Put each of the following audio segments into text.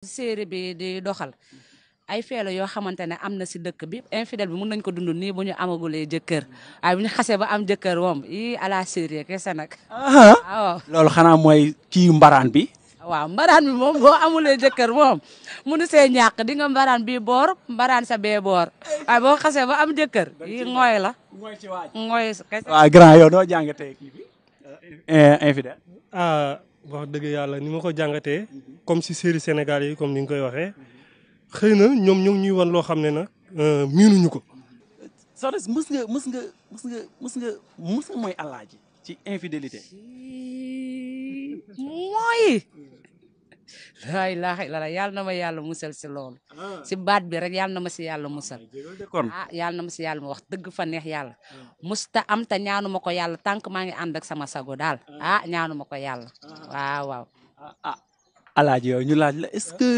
série bi di doxal ay feelo yoo xamante ne am na si dëkk bi infidèle bi mun nañ ko dund nii bu ñu amagulee jëkkër waaye bu xasee ba am jëkkër moom i à série kese nag ah. waaw loolu mooy kii mbaraan bi waaw mbaraan bi moom boo amulee jëkkër moom munu see ñàkk di nga mbaraan bi boor mbaraan sa bee boor waaye boo xasee ba am jëkkër yi ngooy la ngooy ci waaj ngooy grand yow doo jàngatee kii bi eh, eh. Eh, infidèle ah. wax dëgg yàlla ni ma ko jàngatee mhm. comme si série Sénégal yi comme ni nga koy waxee xëy na ñoom ñoo ñuy wan loo xam ne nag euh, miinuñu ko. soxna si mës nga mës nga mës nga mës nga mës nga mooy alaaji ci infidélité. mooy. laa ilaaha illallaah yàlla na ma yàlla musal si loolu. Ah. si baat bi rek yàlla na ma si yàlla ah, musal. ah yàlla na ma si yàlla ma wax dëgg fa neex yàlla. Ah. musta am te ñaanu ma ko yàlla tànk maa ngi ànd ak sama sago daal ah ñaanu ma ko yàlla waaw waaw. ah alaaji yow ñu laaj la est-ce que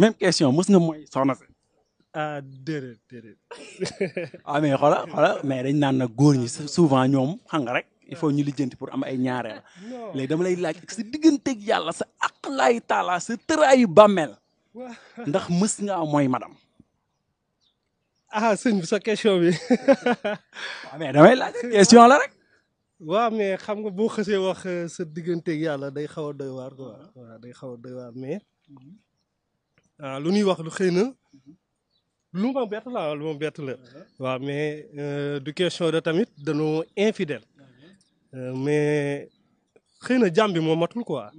même question mos nga mooy soxna si. ah déedéet déedéet. ah mais xoolal xoolal mais dañ naan na góor ñi souvent ñoom xam rek. il faut ñu lijjant pour am ay ñaareel léegi dama lay laaj sa digganteeg yàlla sa aqlaay taala sa tëraayu bàmmeel ndax mës ngaa mooy madam ah sëñ bi sa question bi. damay laaj question la rek. waaw mais xam nga boo xësee wax euh, sa digganteeg yàlla day xaw a doy waar mm-hmm. day xaw a mais mm-hmm. ah, lu ñuy wax lu xëy na mm-hmm. lu ma bett la lu ma bett la. Uh-huh. waaw mais euh, du question de tamit danoo infidèle. Euh, mais xëy na jàmm bi moo ko quoi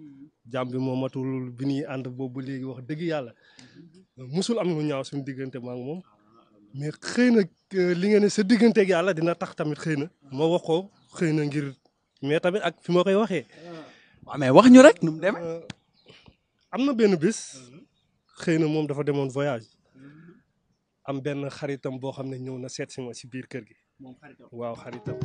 jàmm bi moo matul bi ñuy ànd boobu léegi wax dëgg yàlla mosul am lu ñaaw suñu diggante maa ngi moom mais xëy na li nga ne sa digganteeg yàlla dina tax tamit xëy na ma wax ko xëy na ngir mais tamit ak fi ma koy waxee. wax ñu rek nu mu demee. Euh, am na benn bis xëy na moom dafa demoon voyage am benn xaritam boo xam ne ñëw na seet si ma si biir kër gi. waaw xaritam.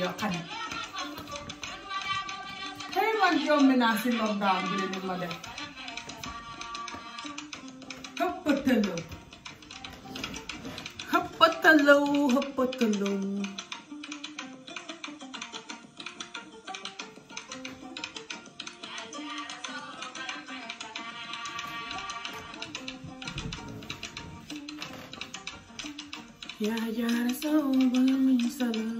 yoo xam ne tey man jommi naa si lockdown bi li ma def xëppatalaw xëppatalaw xëppatalaw yaa jaara saw ba muy salaam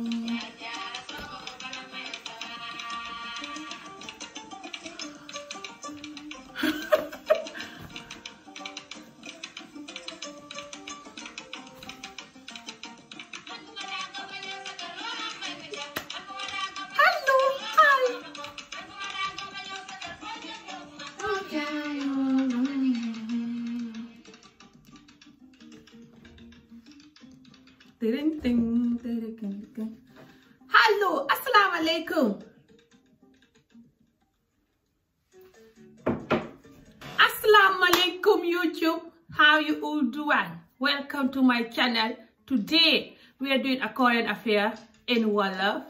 current affair in one love.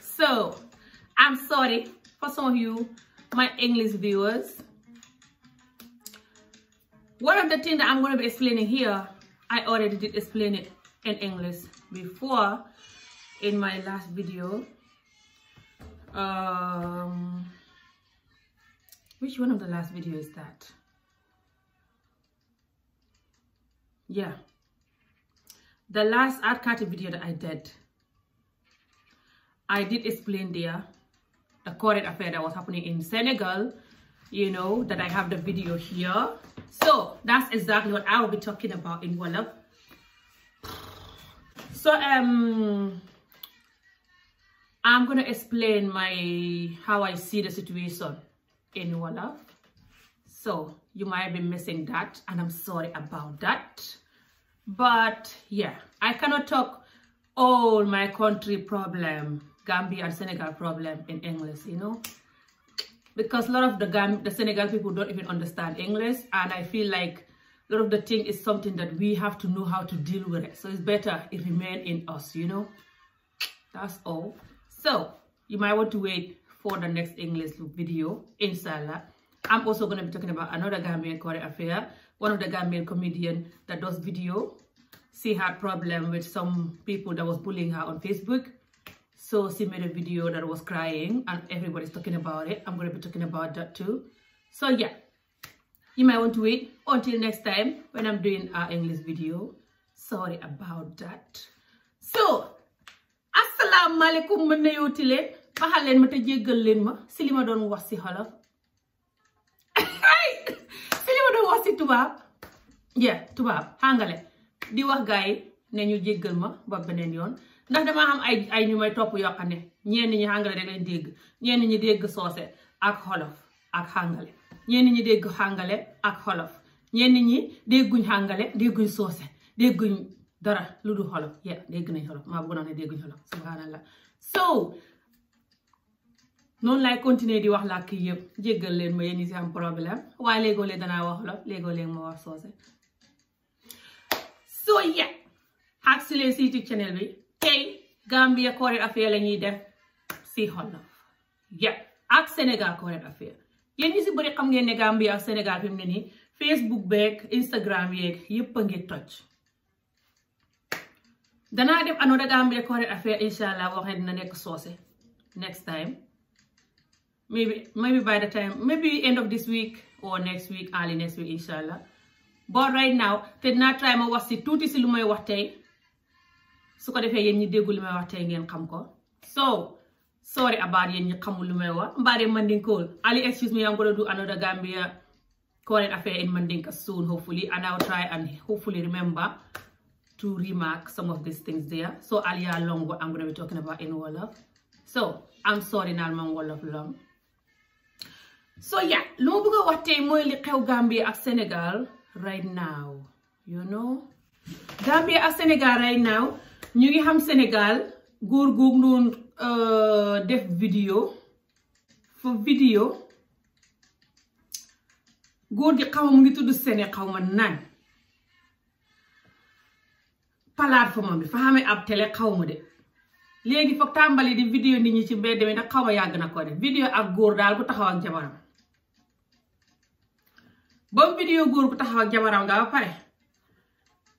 So I'm sorry for some of you, my English viewers. One of the things that I'm going to be explaining here, I already did explain it in English before in my last video. Um, which one of the last video is that? Yeah, the last art video that I did, I did explain there the current affair that was happening in Senegal, you know, that I have the video here. that's exactly what I will be talking about in Wolof. So um, I'm gonna explain how I see the situation in Wolof. So you might be missing that, and I'm sorry about that. but yeah i cannot talk all my country problem gambia senegal problem in english you know because a lot of the senegal people don't even understand english and i feel like a lot of the thing is something that we have to know how to deal with it so it's better it remain in us that's all so you might want to wait for the next english video inshallah i'm also going to be about another Gambian comedian that does video she had problem with some people that was bullying her on Facebook. So she made a video that was crying and everybody's talking about it. I'm going to be talking about that too. So yeah, you might want to wait until next time when I'm doing our English video. Sorry about that. So, asalaamaaleykum ma nuyooti leen baxal leen ma te jéggal leen ma si li ma doon wax si xolof wax si tubaab yeah tubaab àngale di wax gaa yi ne ñu jéggal ma ba beneen yoon ndax dama am ay ay ñu may topp yoo xam ne ñenn ñi anglais rek lañ dégg ñenn ñi dégg soose ak xolof ak xàngale ñenn ñi dégg xàngale ak xolof ñenn ñi dégguñ xàngale dégguñ soose dégguñ dara lu dul xolof ya dégg nañ xolof maa bëggoon ne dégguñ xolof subhanallah so noonu laay continuer di wax làkk yëpp jéggal leen ma yéen ñi si am problème waaye léegoo leen danaa wax xolof léegoo leen ma wax soose soo yet ak si leen siiti channel bi tey Gambia current affaire la def si xolof yep ak Sénégal current affaire yéen ñi si bëri xam ngeen ne Gambia ak Sénégal fi ne nii Facebook beeg Instagram yeeg yëpp a ngi toj danaa def another Gambia current affaire incha allah waxee dina nekk soose next time maybe maybe by the time maybe end of this week or next week early next week incha allah boo right now te dinaa try ma wax si tuuti si lu may wax tey su ko defee yéen ñi déggu lu may wax tey ngeen xam ko so sorry about yéen ñi xamul lu may wax mbaare mandinkool ali excuse me I'm gonna do another Gambia current affair in mandinka soon hopefully and I'll try and hopefully remember to remark some of so Aliya long what I'm gonna be so I'm sorry naal man Wolof long so yeah lu ma bëgg a wax tey mooy li xew Gambie ak Sénégal right now you know Gambia ak Sénégal right now ñu ngi xam Sénégal góor góor noonu euh, def vidéo for vidéo góor gi xaw ma mu ngi tudd Séné xaw ma naan plateforme bi fa xamee ab télé xaw ma de léegi foog tàmbali di vidéo nit ñi ci mbedd mi ndax xaw ma yàgg na ko de vidéo ak góor daal ku taxaw ak jabaram ba vidéo góor gu taxaw ak jabaram nga ba pare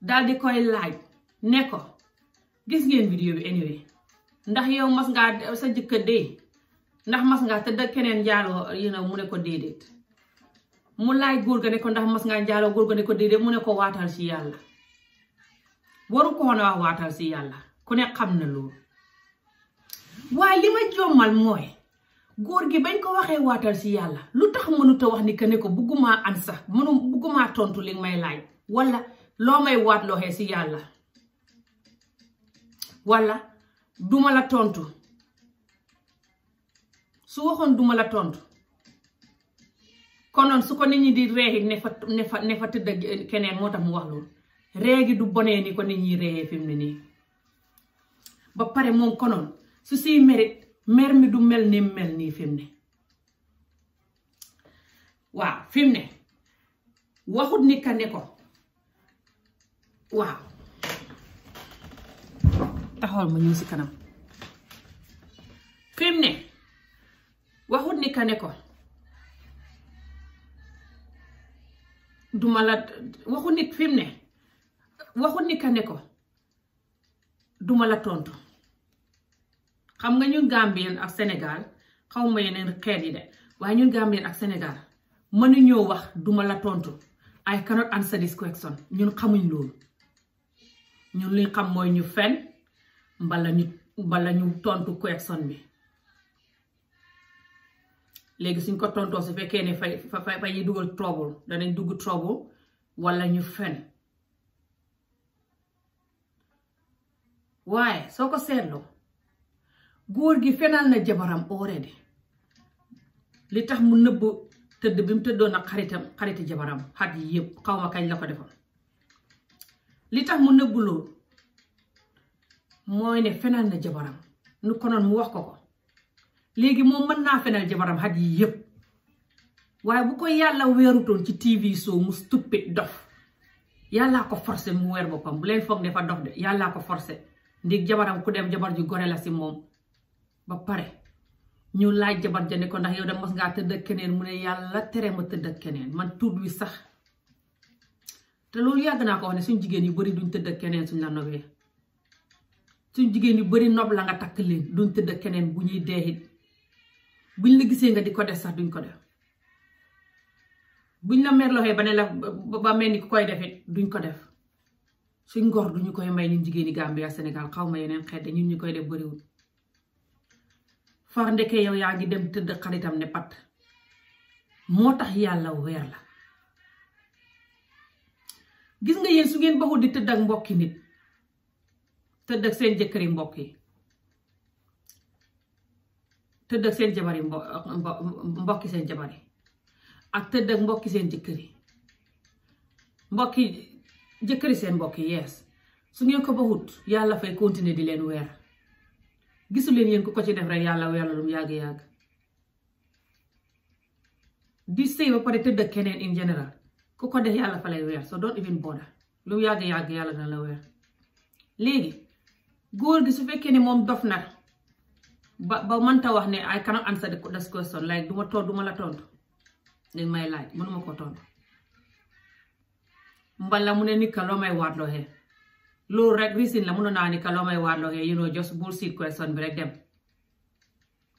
daal di koy laaj ne ko gis ngeen vidéo bi anyway ndax yow mas nga sa jëkkër dee ndax mas ngaa tëdd keneen njaaloo yi mu ne ko déedéet mu laaj góor ga nekko ndax mas ngaa njaaloo góor ga ne ko déedéet mu ne ko waatal ci yàlla waru ko woon a waatal ci yàlla ku ne xam na loolu waaye li ma jommal mooy góor gi bañ ko waxee waatal si yàlla lu tax mënut a wax ni que ne ko buggumaa an sax mënu buggumaa tontu li may laaj wala loo may waat looxee si yàlla wala duma la tontu su waxoon duma la tontu konoon su ko nit ñi di reexi ne fa ne fa tëdd keneen moo tax mu wax loolu ree gi du bonee ni ko nit ñi reexee fi mu ne nii ba pare moom konoon su siy mere mer mi du mel ni mel nii fi mu waaw fi mu ne waxut ni ka ne ko waaw taxawal ma ñëw kanam fi mu ne waxut ni ko duma la waxut nit fi mu ne waxut ni ko duma la tontu xam nga ñun Gambien ak Sénégal xaw ma yeneen xeet yi de waaye ñun Gambien ak Sénégal mënuñoo wax duma la tontu ay cannot answer this question ñun xamuñ loolu ñun li xam mooy ñu fen bala ñu tontu question bi léegi suñ ko tontoo su fekkee ne fay fay fay yi dugal trouble danañ dugg trouble wala ñu fen waaye soo ko seetloo góor gi fenal na jabaram already li tax mu nëbb tëdd bi mu tëddoon ak xaritam xariti jabaram xat yi yëpp xaw ma kañ la ko defoon li tax mu nëbb loolu mooy ne fenal na jabaram nu konoon mu wax ko ko léegi moom mën naa fenal jabaram xat yi yëpp waaye bu ko yàlla weerutoon ci TV show mu stupid dof yàllaa ko forcé mu weer boppam bu leen foog ne fa dof de yàllaa ko forcé ndig jabaram ku dem jabar ju gore la si moom ba pare ñu laaj jabar ja ne ko ndax yow da mos ngaa tëdd ak keneen mu ne yàlla tere ma tëdd ak keneen man tuut wi sax te loolu yàgg naa ko wax ne suñ jigéen yu bari duñ tëdd keneen suñ la nobee suñ jigéen yu bari nob la nga takk leen duñ tëdd ak keneen bu ñuy deexit buñ la gisee nga di ko def sax duñ ko def buñ la merloxee ba ne la ba mel ni ku koy defee duñ ko def suñ ngor ñu koy may ñun jigéen yi Gambia Sénégal xaw ma yeneen xeet ñun ñu koy def bariwul far ndeke yow yaa ngi dem tëdd xaritam ne pat moo tax yàlla weer la gis nga yéen su ngeen baxul di tëdd ak mbokki nit tëdd ak seen jëkkëri mbokk yi tëdd ak seen jabari mbokki seen jabari ak tëdd ak mbokki seen jëkkëri mbokki jëkkëri seen mbokki yees su ngeen ko baxut yàlla fay continuer di leen weer gisuleen yéen ku ko ci def rek yàlla yàlla lu mu yàgg-yàgg di sëy ba pare tëdd ak keneen in general ku ko def yàlla fa lay weer so don't even bother lu mu yàgg-yàgg yàlla dana la weer léegi góor gi su fekkee ni moom dof na ba ba mënta wax ne I cannot answer this question like du ma tontu du ma la tontu dañ may laaj mënuma ko tontu mbala mu ne nit ka loo may waatloo xee loolu rek reason la mënoon naa ni ka loo may waarlogee you know just bullshit question bi rek dem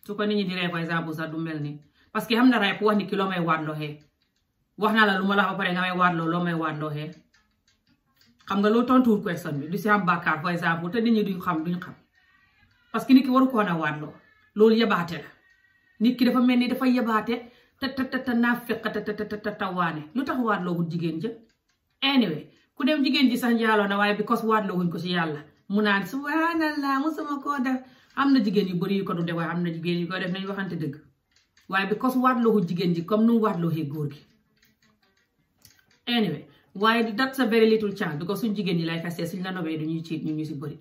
su ko nit ñi di ree par exemple sax du mel ni parce que xam na ray wax naa la lu ma la nga loo may waarlogee xam nga loolu tontuwul question bi nit ñi xam duñ xam parce que nit ki waru ko woon a waarloo loolu yabaate la nit ki dafa mel ni dafa yabaate te te te naa waane lu tax waarloo bu jigéen ja anyway ku dem jigéen ji sax njaaloo na waaye because waatloo wuñ ko ci yàlla mu naan subhanallah musuma koo def am na jigéen yu bëri yu ko du def waaye am na jigéen yu ko def nañu waxante dëgg waaye because waatloo wuñ jigéen ji comme nu mu waatloo xee góor gi anyway waaye that's a very little chance suñ jigéen ñi lay kasee suñ la dañuy ciit ñu ñu si bëri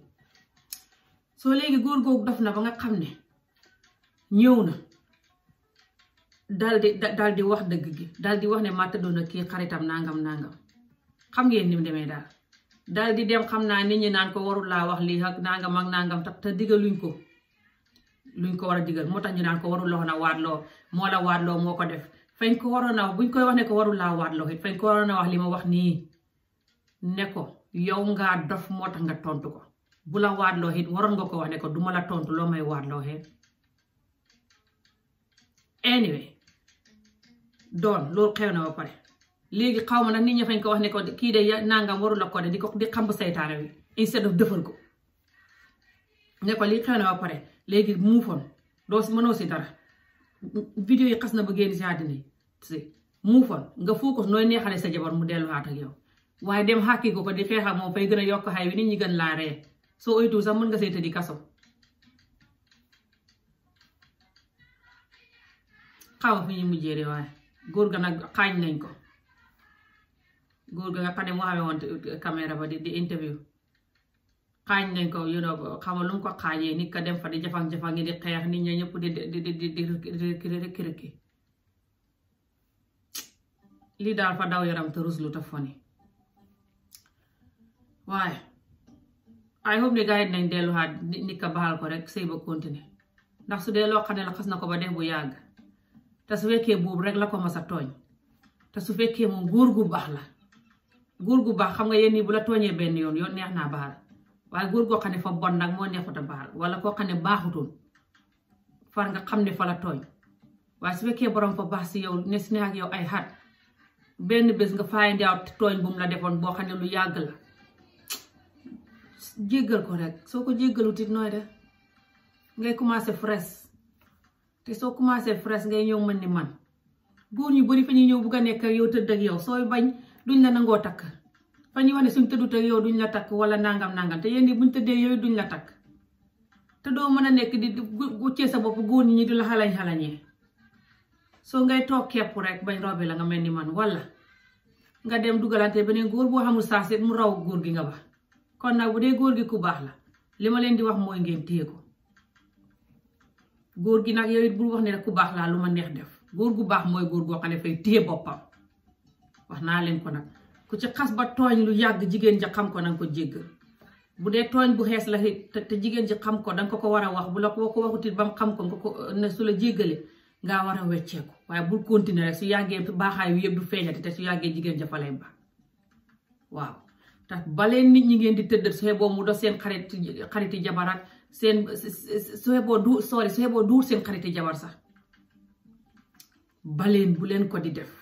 soo léegi góor googu dof na ba nga xam ne ñëw na dal di dal di wax dëgg gi dal di wax ne ma tëddoon ak kii xaritam nangam nangam xam ngeen ni mu demee daal dal di dem xam naa nit ñi naan ko warul laa wax lii ak nangam ak nangam te digaluñ ko luñ ko war a digal moo tax ñu naan ko warul loo na waatloo moo la waatloo moo ko def fañ ko waroon a koy wax ne warul laa waatloo it fañ wax li ma wax nii ne ko yow ngaa dof moo tax nga tontu ko bu la waatloo it waroon nga ko wax ne ko duma la tontu loo may waatloo it anyway doon loolu xew na ba pare léegi xaw ma nag nit ñi fañ ko wax ne kii de nangam warul la ko de di ko di xambu saytaane wi instead of dëfal ko ne ko lii xew na ba pare léegi muufoon doo si mënoo si dara xas na ba génn si àddina si nga focus nooy neexale sa jabar mu delluwaat ak yow waaye dem xàkki ko ko di xeexam moom fay gën a yokk xay wi nit ñi soo oytu sax mën nga say tëddi kaso xaw fi ñu mujjee góor ga nag xaañ nañ ko góor gi nga xam ne moo amee woon uh, caméra ba di interview xaañ nañ ko you know xam lu mu ko xaañee nit ka dem fa di jafang-jafang di xeex nit ñi ñëpp di di di di daal fa daw yaram te ruslu te foni waaye ay hope ne gars yi nañ delluwaat nit ka baxal ko rek sëy ba continuer ndax su dee xam ne la xas na ko ba def bu yàgg te su fekkee boobu rek la ko mas a tooñ te su fekkee moom góor gu baax la góor gu baax xam nga yéen yi bu la tooñee benn yoon yoon neex naa baal waaye góor goo xam ne fa bon nag moo neexut a baal wala koo xam ne baaxutoon far nga xam ne fa la tooñ waaye su fekkee borom fa baax si yow ne si yow ay xat benn bés nga find out tooñ bu mu la defoon boo xam ne lu yàgg la jéggal ko rek soo ko jéggalut it nooy de ngay commencé fresh te soo commencé fresh ngay ñëw man ni man góor ñu bari fa ñuy ñëw bugg a nekk yow tëdd ak yow sooy bañ. duñ la nangoo takk fa ñuy wax ne suñ tëddut ak yow duñ la takk wala nangam nangam te yéen ñi buñ tëddee yooyu duñ la takk te doo mën a nekk di guccee sa bopp góor ñi di la xalañ xalañee soo ngay toog kepp rek bañ robi la nga mel ni man wala nga dem dugalante beneen góor boo xamul saasi mu raw góor gi nga ba kon nag bu dee góor gi ku baax la li ma leen di wax mooy ngeen téye ko góor gi nag yow it bul wax ne ku baax laa lu ma neex def góor gu baax mooy góor goo xam fay téye boppam wax naa leen ko nag ku ci xas ba tooñ lu yàgg jigéen ja xam ko nanga ko jégg bu dee tooñ bu xees la te jigéen ji xam ko danga ko ko war a wax bu la ko ko waxutit ba mu xam ko nga ko ne su la jéggale ngaa war a wecceeku waaye bul continuer rek su yàggee baaxaay wi yëpp du feeñati te su yàggee jigéen ja fa lay ba waaw te baleen nit ñi ngeen di tëddal su xeboo mu dox seen xarit xariti jabar ak seen su xeboo du sori su xeboo duur seen xariti jabar sax baleen bu ko di def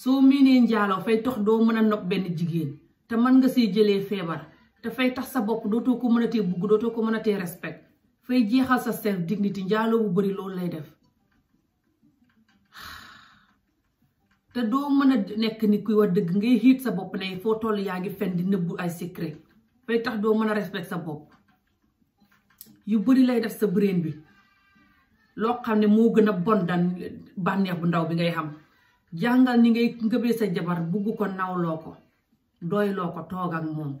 soo miinee njaaloo fay tax doo mën a nopp benn jigéen te mën nga see jëlee feebar te fay tax sa bopp dootoo ko mën a tee bugg dootoo ko mën a tee respect fay jeexal sa self dignity njaaloo bu bari loolu lay def te doo mën a nekk ni kuy wax dëgg ngay xiit sa bopp ne foo toll yaa ngi fen di nëbbu ay secret fay tax doo mën a respect sa bopp yu bari lay def sa brain bi loo xam ne moo gën a bon dan bànneex bu ndaw bi ngay xam jàngal ni ngay ngëbe sa jabar bugg ko nawloo ko doyloo ko toog ak moom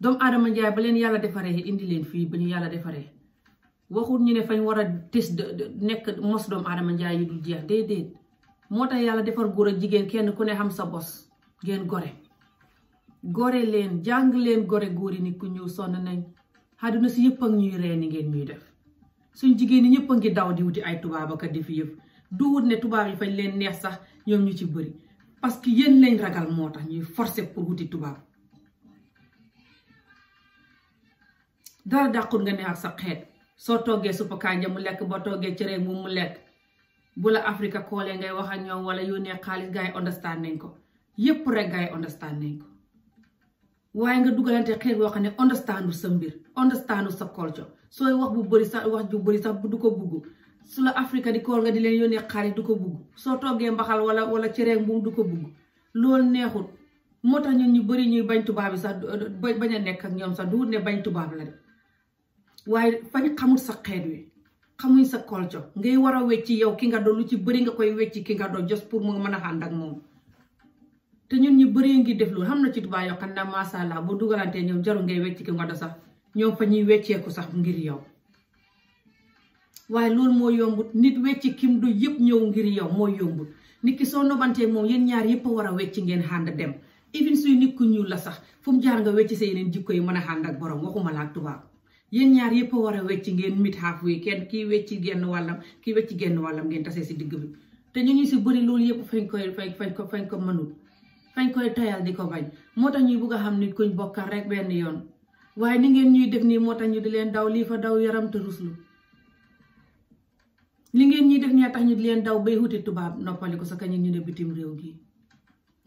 doomu aadama njaay ba leen yàlla defaree indi leen fii ba ñu yàlla defaree waxut ñu ne fañ war a tis nekk mos doomu aadama njaay yi dul jeex déedéet moo tax yàlla defar góor ak jigéen kenn ku ne xam sa bos ngeen gore gore leen jàng leen gore góor yi nit ku ñëw sonn nañ àdduna si yëpp ak ñuy ree ni ngeen ñuy def suñ jigéen ñi ñëpp a ngi daw di wuti ay tubaab ak di fi yëpp du wut ne tubaab yi fañ leen neex sax ñoom ñu ci bëri parce que yéen lañ ragal moo tax ñuy forcer pour wuti tubaab dara dàqul nga ne ak sa xeet soo toggee suppu kànja mu lekk ba toggee cere bu mu lekk bu la Afrika koolee ngay wax ak ñoom wala yónnee xaalis gars yi understand nañ ko yépp rek gars yi understand nañ ko waaye nga dugalante xeet boo xam ne understandu sa mbir understandu sa culture sooy wax bu bëri sax wax ju bëri sax du ko bugg su la Afrique di koor nga di leen yónnee xaalis du ko bugg soo toggee mbaxal wala wala cere mbuum du ko bugg loolu neexul moo tax ñun ñu bari ñuy bañ tubaab yi sax bañ a nekk ak ñoom sax du bañ tubaab la waaye fañ xamul sa xeet wi xamuñ sa culture ngay war a wecci yow ki nga doon lu ci bëri nga koy wecci ki nga doon pour mu mën a ànd ak moom te ñun ñu bëri ngi def loolu xam na ci tubaab yoo xam ne macha allah bu dugalantee ñoom jarul ngay wecci ki nga doon sax ñoom fa ñuy wecceeku sax ngir yow. waaye loolu moo yombut nit wecc kim du yëpp ñëw ngir yow moo yombut nit ki soo nobantee moom yéen ñaar yëpp a war a wecc ngeen xànd dem even suy nit ku ñuul la sax fu mu jaar nga wecc sa yeneen jikko yi man a xànd ak borom waxuma la ak tubaab yéen ñaar yëpp a war a wecc ngeen mit xaaf wi kenn kii wecci genn wàllam kii wecci genn wàllam ngeen tasee si digg bi te ñu ngi si bëri loolu yëpp fañ koy fañ ko fañ ko mënul fañ koy tayal di ko bañ moo tax ñuy bugg a xam nit kuñ bokkal rek benn yoon waaye ni ngeen ñuy def nii moo tax ñu di leen daw lii fa daw yaram te ruslu li ngeen ñuy def ñee tax ñu di leen daw bay wuti tubaab noppaliku sa kañ ñu ne bitim réew gi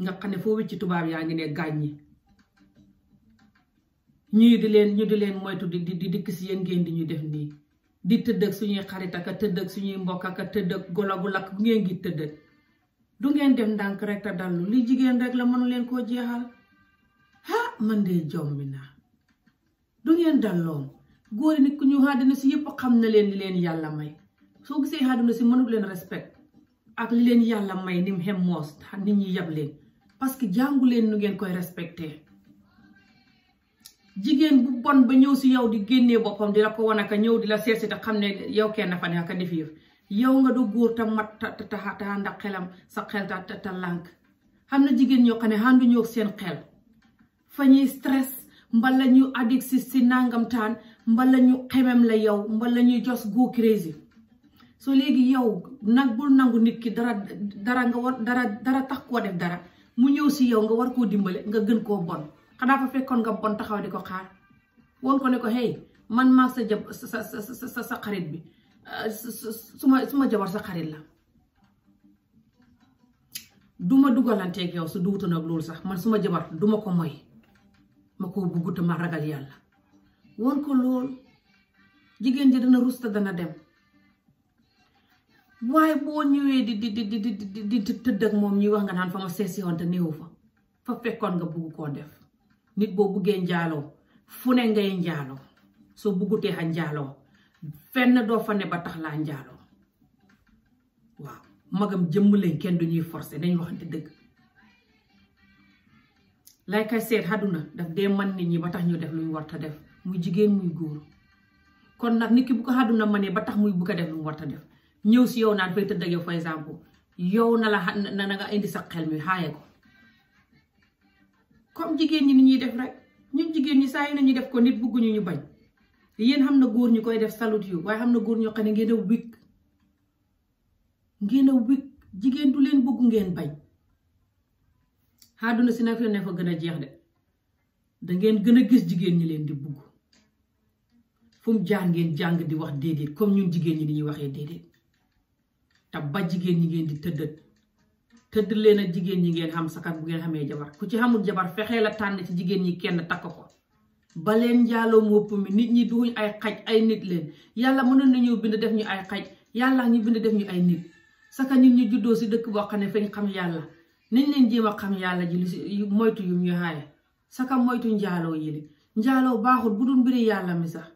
nga xam ne foo wicci tubaab yaa ngi ne gaañ ñi ñuy di leen ñu di leen moytu di di dikk si yéen ngeen di ñu def nii di tëdd ak suñuy xarit ak a tëdd ak suñuy mbokk ak a tëdd ak golo gu lakk ngeen ngi tëdd ak du ngeen def ndànk rek te dallu li jigéen rek la mënu leen koo jeexal ha man de jommi naa du ngeen dalloom góor nit ku ñu xaadina si yëpp xam na leen li leen yàlla may soo gisee àdduna si mënul leen respect ak li leen yàlla may ni mu xem moos nit ñi yab leen parce que jàngu leen nu ngeen koy respecté jigéen bon ba ñëw si yow di génnee boppam di ko wan ñëw di la seet si te xam ne yow kenn dafa ne aka def yëf yow nga do góor ta mat ta ta ndax xelam sa lànk xam na jigéen ñoo xam ne àndu ñoo seen xel fa ñuy stress mbala ñu addict si si nangamtaan mbala ñu xemem la yow mbala ñuy jos go crazy soo léegi yow nag bul nangu nit ki dara dara nga war dara dara tax koo def dara mu ñëw si yow nga war koo dimbale nga gën koo bon xanaa fa fekkoon nga bon taxaw di ko xaar woon ko ne ko hey man maa sa jab xarit bi ah, su ma su ma jabar sa xarit la duma dugalanteeg yow su dugutoon ak sax man suma jabar duma ko moy ma ko bugg te ma ragal yàlla woon ko lool jigéen ji dana rus te dana dem waaye boo ñëwee di di di di di tëdd ak moom ñuy wax nga naan fa ma seesi woon te néew fa fa fekkoon nga bugg koo def nit boo buggee njaaloo fu ne ngay njaaloo soo buggutee a njaaloo fenn doo fa ne ba tax laa njaaloo waaw magam jëmm lañ kenn du ñuy forcé nañ waxante dëgg lay kay seet àdduna daf dee man nit ñi ba tax ñu def lu ñu war def muy jigéen muy góor kon nag nit ki bu ko ma manee ba tax muy bugg a def lu mu war ta def ñëw si yow naan fay tëdd ak yow par exemple yow na la na nga indi sa xel mi xaaye ko comme jigéen ñi ni ñuy def rek ñu jigéen ñi saa yi nañuy def ko nit bugguñu ñu bañ yéen xam na góor ñu koy def salut yu waaye xam na góor ñoo xam ne ngeen a wik ngeen a wik jigéen du leen bugg ngeen bañ àdduna si nag ne fa gën a jeex de dangeen gën a gis jigéen ñi leen di bugg fu mu jaar ngeen jàng di wax déedéet comme ñun jigéen ñi ni ñuy waxee déedéet. te ba jigéen ñi ngeen di tëddët tëdd leen jigéen ñi ngeen xam sakat bu ngeen xamee jabar ku ci xamul jabar fexee la tànn ci jigéen ñi kenn takk ko ba leen njaaloom wëpp mi nit ñi duñ ay xaj ay nit leen yàlla mënoon ñëw bind def ñu ay xaj yàlla ñu bind def ñu ay nit saka nit ñu juddoo si dëkk boo xam ne fañ xam yàlla niñ leen jéem a xam yàlla ji lu si moytu yu ñu xaaye saka moytu njaaloo yi li njaaloo baaxul bu dul mbiri yàlla mi sax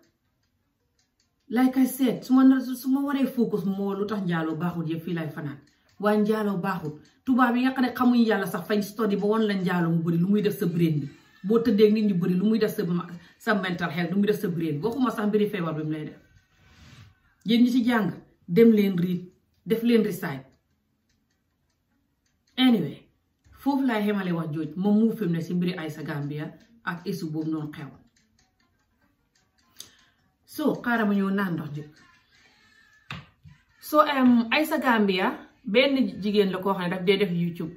like I said su ma su ma waree focus moo lu tax njaaloo baaxut yëpp fii lay fanaan waaye njaaloo baaxut tubaab yi nga xam ne xamuñ yàlla sax fañ study ba woon la njaaloo mu bëri lu muy def sa brain bi boo tëddee nit ñu bëri lu muy def sa sa mental health lu muy def sa brain bi waxuma sax mbiri feebar bi mu lay def yéen ñu ci jàng dem leen riit def leen risaay anyway foofu laay xemale wax jooj moom mu film ne si mbiri Aisha Gambia ak isu boobu noonu xew so xaaral ma ñëw naan ndox jëkk so Aïssa Gambia benn jigéen la koo xam ne daf dee def YouTube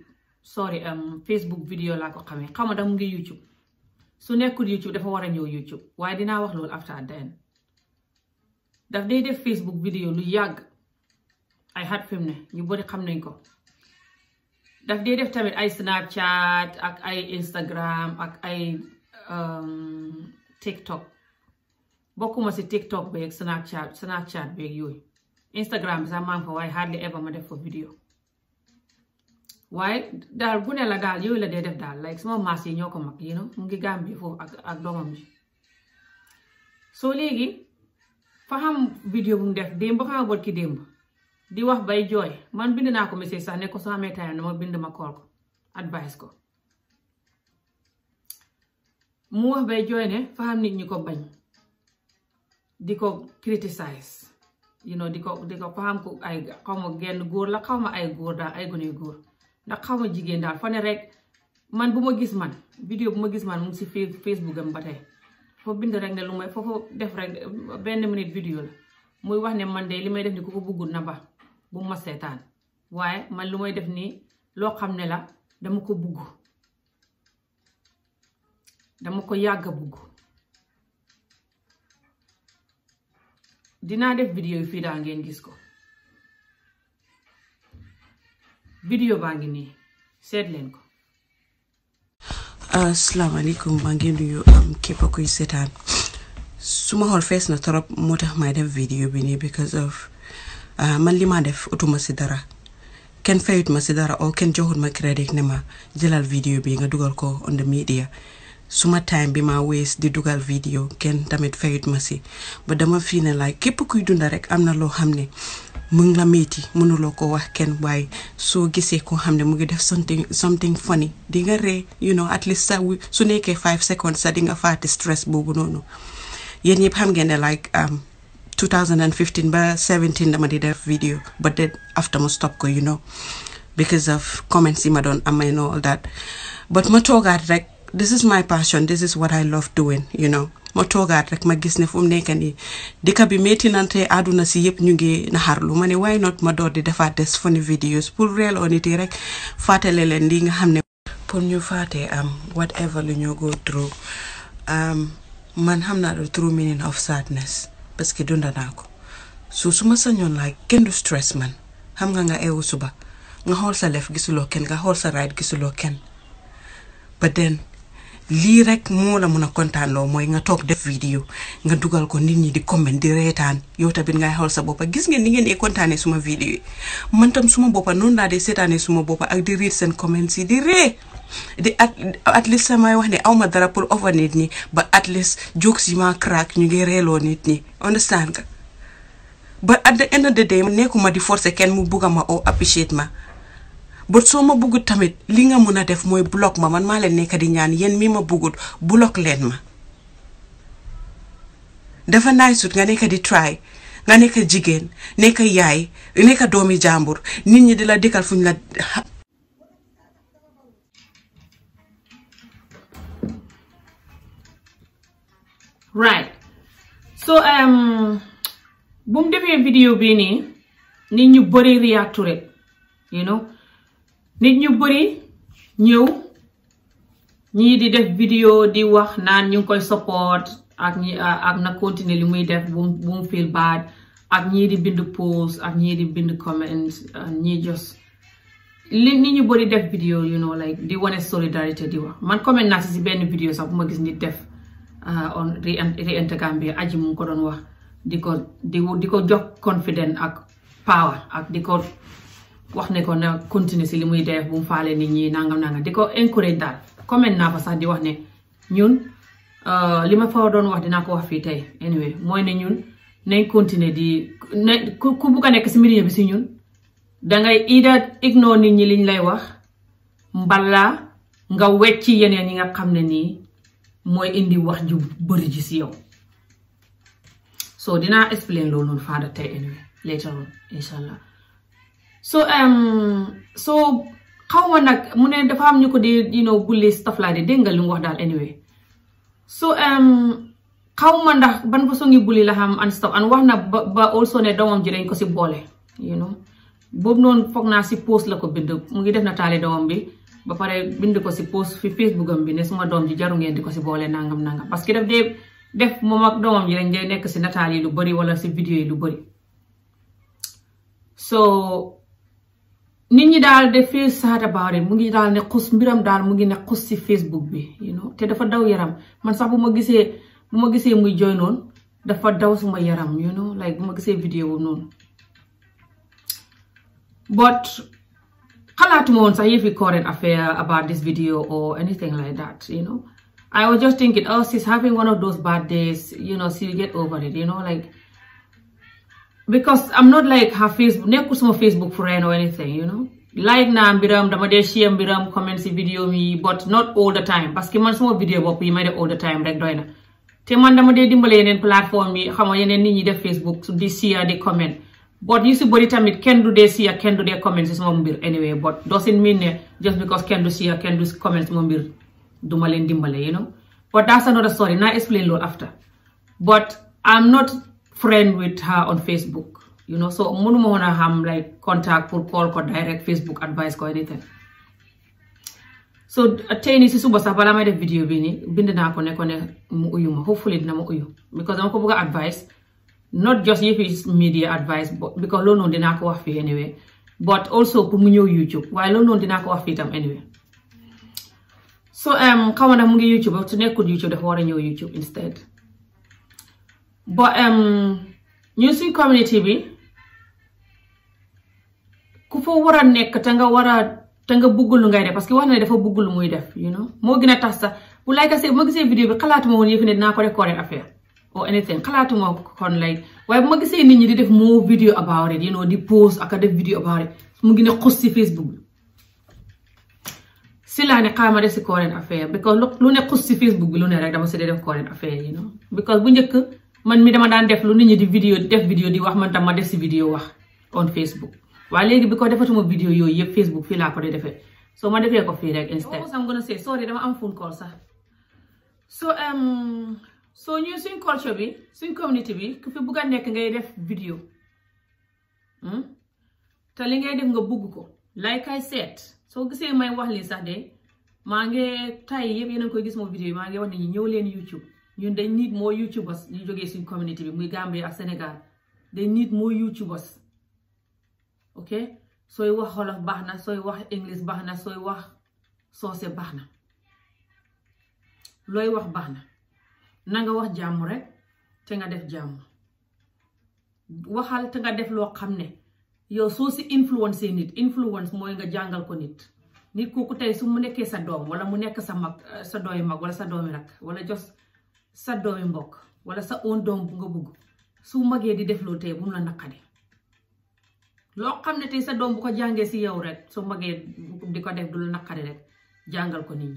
sorry Facebook vidéo laa ko xamee xaw ma dama ngi YouTube su nekkul YouTube dafa war a ñëw YouTube waaye dinaa wax loolu after then daf dee def Facebook vidéo lu yàgg ay xat ne ñu bari xam nañ ko daf dee def tamit ay Snapchat ak ay Instagram ak ay TikTok. bokkuma si tiktok beeg snapchat snapchat beeg yooyu instagram bi sax maa ngi waaye hardly ever ma def fa vidéo waaye daal bu ne la daal yooyu la dee def daal like sama maas yi ko mag yi mu ngi Gambie foofu ak ak ji soo léegi fa xam vidéo mu def démb xam bot ki démb di wax bay jooy man bind naa ko message sax ne ko soo amee time bind ma kool ko advice ko mu wax bay jooy ne fa xam nit ñi ko bañ di ko criticize you know di ko di ko xam ko ay xaw ma genn góor la xaw ma ay góor daal ay gune góor ndax xaw ma jigéen daal fa ne rek man bu ma gis man vidéo bu ma gis man mu ngi si Facebook ba tey bind rek ne lu foofu def rek benn minute vidéo wax ne man de li may def ni ku ko bëggul na ba bu ma seetaan waaye man lu may def nii loo xam ne la dama ko bugg dama ko yàgg a bugg dinaa def vidéo yi fii daal ngeen gis ko vidéo baa ngi nii seet leen ko asalaamaaleykum maa ngi nuyu am um, képp kuy seetaan suma xol fees na trop moo tax may def vidéo bi nii because of uh, man li ma def utuma si dara kenn fayut ma si dara oo kenn joxut ma crédit ne ma jëlal vidéo bi nga dugal ko on the media suma time bi ma waste di dugal vidéo kenn tamit fayut ma si ba dama fii ne laay képp kuy dunda rek am na loo xam ne mu ngi la metti mënuloo ko wax kenn waaye soo gisee koo xam ne mu ngi def something something funny di nga ree you at least su nekkee five seconds sax di nga faati stress boobu noonu yéen ñëpp xam ngeen ne like 2015 um, ba 17 dama di def video but then after ma stop ko you know because of comments yi ma doon am and all that but ma toogaat rek this is my passion this is what I love doing you know ma toogaat rek ma gis ne fu mu nekk nii dëkk bi métti nante àdduna si yëpp ñu ngi lu ma ne why not ma door di defaat des funny videos pour reeloo nit yi rek fàttale leen lii nga xam ne pour ñu faatee am um, whatever lu ñu go through um, man xam naa the true meaning of sadness parce que dunda naa ko so suma ma sañoon laa kenn du stress man xam nga nga eewu suba nga xool sa lef gisuloo kenn nga xool sa right gisuloo kenn lii rek moo la mun a kontaanloo mooy nga toog def vidéo nga dugal ko nit ñi di comment di reetaan yow tamit ngay xool sa boppa gis ngeen ni ngeen di kontaanee suma vidéo yi man tam suma boppa noonu laa di seetaanee suma boppa ak di read seen comments yi di ree di at at least samay wax ne awma dara pour offer nit ñi ba at least jokes yi ma crack ñu ngi reeloo nit ñi understand nga ba at the end of the day nekkuma di forcer kenn mu bugga ma oo appreciate ma but soo ma buggut tamit li nga mun a def mooy block ma man maa leen nekk di ñaan yéen mi ma buggut block leen ma dafa naay sut nga di try nga nekk jigéen nekk yaay nekk nit ñi di la dikkal fuñ la right so um, defee vidéo bii nii nit ñu bari reactu rek nit ñu bëri ñëw ñii di def vidéo di wax naan ñu ngi koy support ak na continuer li muy def bu bu mu ak ñii di bind post ak ñii di bind comment ñii just li nit ñu bëri def vidéo you know di wane solidarité di wax man comment benn vidéo ma gis nit uh, mu ko doon wax di ko di di ko jox confident ak power ak di ko wax nekkoon na continuer si li muy def bu mu faale nit ñi nangam nangam di ko encourage daal comment naa fa sax di wax ne ñun euh, li ma fa doon wax dinaa ko wax fii tey anyway mooy ne ñun nañ continuer di ne ku bi si ñun dangay ida ignore nit ñi liñ lay wax mbala nga wecc ci yeneen yi nga xam ne nii mooy indi wax ju bëri ji si yow soo dinaa explain loolu noonu faada tey anyway later on incha so um, so xaw ma nag mu ne dafa am ñu ko di you know bulli stuff laa di dégg li mu wax daal anyway so um, xaw ma ndax ban façon ngi bulli la xam and stuff and wax na ba ba also ne doomam ji ko si boole you noonu foog naa si post la ko bind mu ngi def na taali doomam bi ba pare bind ko si post fi Facebook am bi ne suma doom ji jaru ngeen di ko si boole nangam nangam parce que daf dee def moom ak doomam ji dañ dee nekk si nataal yi lu bari wala si vidéo yi lu bëri nit ñi daal de feel sad about it mu ngi daal ne xus mbiram daal mu ngi ne xus si Facebook bi you te dafa daw yaram man sax bu ma gisee bu ma gisee muy jooy noonu dafa daw suma yaram you know like bu ma gisee vidéo noonu but xalaatuma woon sax yëfi current affair about this video or anything like that you know I was just thinking oh she's having one of those bad days you know like because I'm not like her Facebook nekkul sama Facebook friend or anything you know like naa mbiram dama dee share mbiram comment si vidéo yi but not all the time parce que man sama vidéo bopp yi may def all the time rek doy na te man dama dee dimbale yeneen plateforme yi xam nga yeneen nit ñi def Facebook di share di comment but yu si bëri tamit kenn du dee share kenn du dee comment si sama mbir anyway but doesn't mean ne just because kenn du share friend with her on Facebook you know so mënuma woon a xam like contact pour call ko direct Facebook advice ko anything so uh, tey si suba sax balaa may def vidéo bi nii bind naa ko ne ko mu uyu ma hopefully dina ma uyu because dama ko bëgg a advice not just yëfi media advice because loolu noonu dinaa ko wax fii anyway but also pour mu ñëw YouTube waaye loolu noonu dinaa ko wax fii tam anyway so um, xaw ma nag mu ngi YouTube su nekkul YouTube dafa war a ñëw YouTube instead bo um, ñun suñ community bi ku fa war a nekk te nga war a te nga bugg lu ngay def parce que wax na ne dafa bugg lu muy def you know moo gën tax sax bu lay gasee bu ma gisee vidéo bi xalaatuma woon yëf ne dinaa ko ma nit ñi di def moo vidéo mu ngi ne xus si Facebook bi si si current affaire because lu ne lu ne rek dama si dee def current affaire because bu njëkk. man mi dama daan def lu nit ñi di vidéo def vidéo di wax man tam ma def si vidéo wax on Facebook waaye léegi bi ko defatuma vidéo yooyu yëpp Facebook fii laa ko di defee soo ma defee ko fii rek Instagram. am gën a see sorry dama am phone call sax soo um, soo ñëwee suñ culture bi suñ community bi ku fi bugg nekk ngay def vidéo hmm? te li ngay def nga bugg ko like I seet soo gisee may wax lii sax de maa ngi tay yëpp yéen a ngi koy gis moo vidéo yi maa ngi wax nit ñi ñëw leen YouTube. ñun dañ need more youtubers ñu jógee suñ community bi muy Gambie ak Sénégal dañ need more youtubers ok sooy wax wolof baax na sooy wax english baax na sooy wax soose baax na looy wax baax na na wax jàmm rek te nga def jàmm waxal te nga def loo xam ne yow soo si influence nit influence mooy nga jàngal ko nit nit kooku tey su mu nekkee sa doom wala mu nekk sa mag sa dooy mag wala sa doomi sa doomi mbokk wala sa on doom bu nga bëgg su magee di defloo tey bu mu la naqadi loo xam ne tey sa doom bu ko jàngee si yow rek su magee di ko def du la naqadi rek jàngal ko nit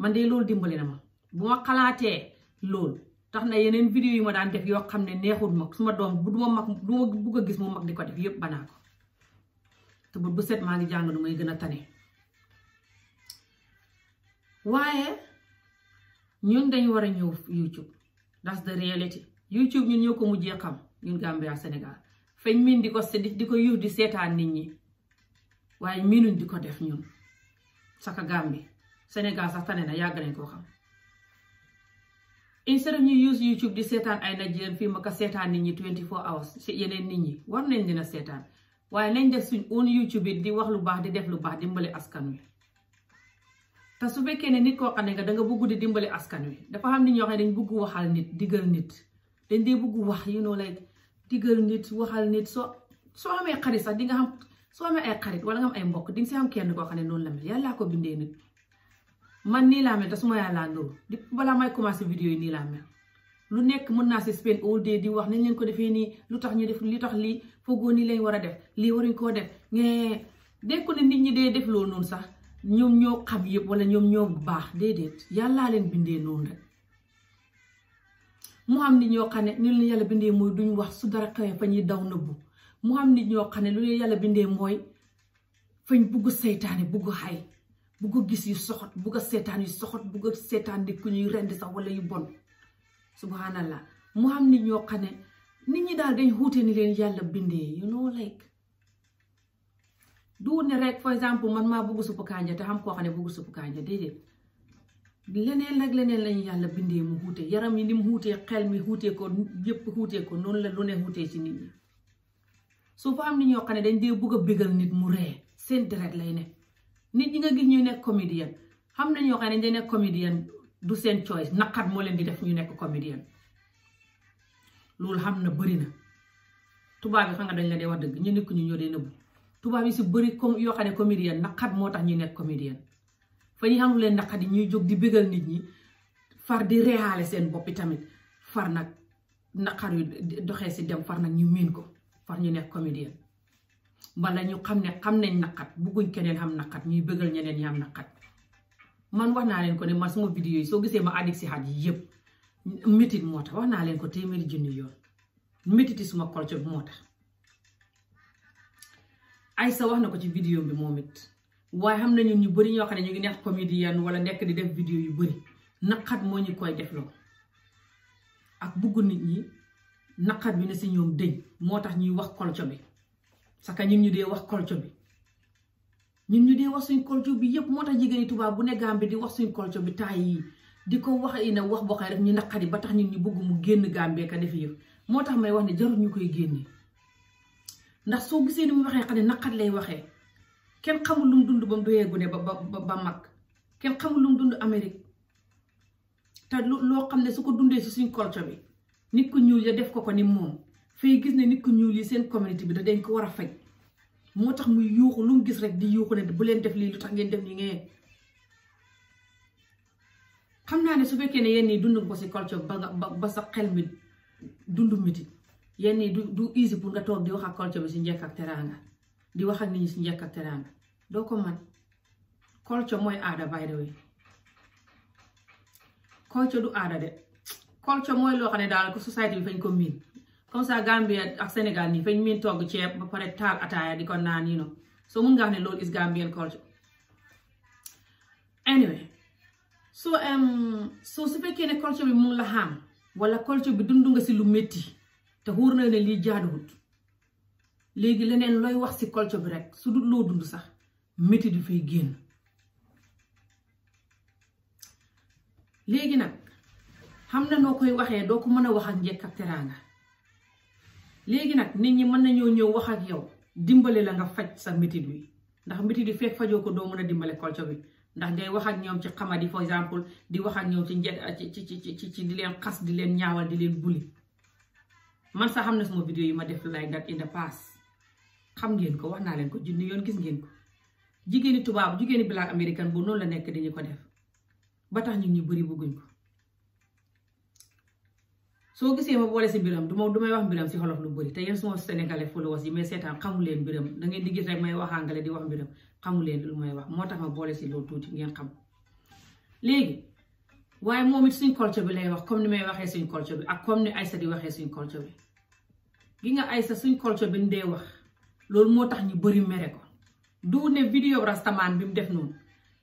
man de loolu dimbali na ma bu ma xalaatee loolu tax na yeneen vidéo yu ma daan def yoo xam ne neexul ma su ma doom bu duma mag du ma bugg a gis mu mag di ko def yëpp banaa ko te bu set maa ngi jàng nu may gën a tane waaye ñun dañ war a ñëw YouTube that's the reality YouTube ñun ñoo ko mujjee xam ñun Gambia Sénégal fañ miin di ko di ko yuux di seetaan nit ñi waaye miinuñ di ko def ñun saka Gambie Sénégal sax tane na yàgg nañ koo xam instead of ñu use YouTube di seetaan ay Nigerian ma ak seetaan nit ñi 24 hours yeneen nit ñi war nañ dina seetaan waaye nañ def suñ own YouTube it di wax lu baax di def lu baax dimbali askan wi te su fekkee ne nit koo xam ne nga da nga bëgg di dimbali askan wi dafa xam ni ñoo xam ne dañ bëgg waxal nit digal nit dañ dee bëgg wax you know like digal nit waxal nit soo soo amee xarit sax di nga xam soo amee ay xarit wala nga ay mbokk di nga si xam kenn koo xam ne noonu la mel yàlla ko bindee nit man nii laa mel te su ma yàlla loolu di commencé vidéo yi nii laa lu nekk mën naa si spend all di wax nañ leen ko defee nii lu tax ñu def li tax lii foogoo nii lañ war a def lii waruñ koo def mais dégg ko ne nit ñi dee def loolu noonu sax. ñoom ñoo xam yëpp walla ñoom ñoo baax déedéet yàllaa leen bindee noonu rek mu am nit ñoo xam ne yàlla bindee mooy duñ wax su dara xewee ñuy daw nëbbu mu am nit ñoo xam ne lu leen yàlla bindee mooy fañ bugg seytaane bugg xay bugg gis yu soxot bugg seetaan yu soxot bugg seetaan di ku ñuy rend sax wala yu bon subhanallah mu am nit ñoo xam ne nit ñi daal dañ xuute ni leen yàlla bindee you know like du ne rek for exemple man maa bëgg suppu kànja te xam koo xam ne bëgg suppu kànja leneen rek leneen lañu yàlla bindee mu xuute yaram yi ni mu xuutee xel mi xuutee ko yëpp xuutee ko noonu la lu ne xuutee ci nit ñi su fa am ni ñoo xam ne dañ dee bëgg a bégal nit mu ree seen deret lay ne nit ñi nga gis ñuy nekk comédien xam na ñoo xam ne dañ nekk comédien du seen choice naqat moo leen di def ñu nekk comédien loolu xam na bëri na tubaab yi xam dañ la dee wax dëgg ñu ñu ñoo tubaab yi si bëri comme yoo xam ne comédienne naqat moo tax ñuy nekk comédienne fa ñuy amul leen naqat yi ñuy jóg di bégal nit ñi far di réale seen boppi tamit far nag naqar yu doxee si dem nag ñu miin ko far ñu nekk comédienne wala ñu xam ne xam nañ naqat bugguñ keneen xam naqat ñuy bëggal ñeneen ñi am naqat man wax naa leen ko ne man suma vidéo yi soo gisee ma addik si xat yi yëpp métit moo tax wax naa leen ko téeméeri junni yoon métiti suma culture moo tax sa wax na ko ci vidéo bi moom it waaye xam nañu ñu bari ñoo xam ne ñu ngi nekk comédien wala nekk di def vidéo yu bari naqat moo ñu koy defloo ak bugg nit ñi naqat bi ne si ñoom dëñ moo tax ñuy wax kolco bi saka ñun ñu dee wax kolco bi ñun ñu dee wax suñ kolco bi yépp moo tax jigéeni tubaab bu ne Gàmbi di wax suñ kolco bi taay yi di ko wax ina wax boo xam ne def yi ba tax ñun ñu bëgg mu génn Gàmbi ka yi yëf moo tax may wax ne jarul ñu koy génne ndax soo gisee ni mu waxee xale naqat lay waxee kenn xamul lu dund ba mu doyee gune ba ba ba mag kenn xamul lu mu dund Amérique te loo xam ne su ko dundee si suñ culture bi nit ku ñuul ya def ko ko ni moom fii gis ne nit ku ñuul yi seen communauté bi da dañ ko war a faj moo tax muy yuuxu lu gis rek di yuuxu ne bu leen def lii lu tax ngeen def li ngeen xam naa ne su fekkee ne yenn yi dund ko si culture ba nga ba sa xel mi dund miti yenn yi du du easy pour nga toog di wax ak culture bi si njëkk ak teraanga di wax ak nit ñi si njëkk ak teraanga doo ko man culture mooy aada by culture du aada de culture mooy loo xam ne daal ko société bi fañ ko miin comme ça Gambia ak Sénégal nii fañ miin togg ceeb ba pare taal ataaya di ko naan yi mun nga ne loolu is Gambian culture anyway so um, so su fekkee ne culture bi mu la xam wala culture bi dundu nga si lu metti te wóor na ne lii jaaduwut léegi leneen looy wax ci culture bi rek su dul loo dund sax métti du fay génn léegi nag xam na noo koy waxee doo ko mën a wax ak njëkk ak teraanga léegi nag nit ñi mën nañoo ñëw wax ak yow dimbale la nga faj sa métit wi ndax métit wi fekk fajoo ko doo mën a dimbale culture bi ndax ngay wax ak ñoom ci xamadi for exemple di wax ak ñoom ci njëkk ci ci ci ci di leen xas di leen ñaawal di leen buli man sax xam na sama vidéo yi ma def like that in the xam ngeen ko wax naa leen ko junni yoon gis ngeen ko jigéeni tubaab jigéeni black américaine bu noonu la nekk di dañu ko def ba tax ñu ñu bëri bëgguñ ko soo gisee ma boole si mbiram du ma du may wax mbiram si xolof lu bëri te yéen suma sénégalais followers yi may seetaan xamu leen mbiram da ngeen di gis rek may wax angale di wax mbiram xamu leen lu may wax moo tax ma boole si loolu tuuti ngeen xam léegi waaye moom it suñ culture bi lay wax comme ni may waxee suñ culture bi ak comme ni Aïssa di waxee suñ culture bi gi nga Aïssa suñ culture bi ñu dee wax loolu moo tax ñu bëri mere ko du ne vidéo rastaman bi mu def noonu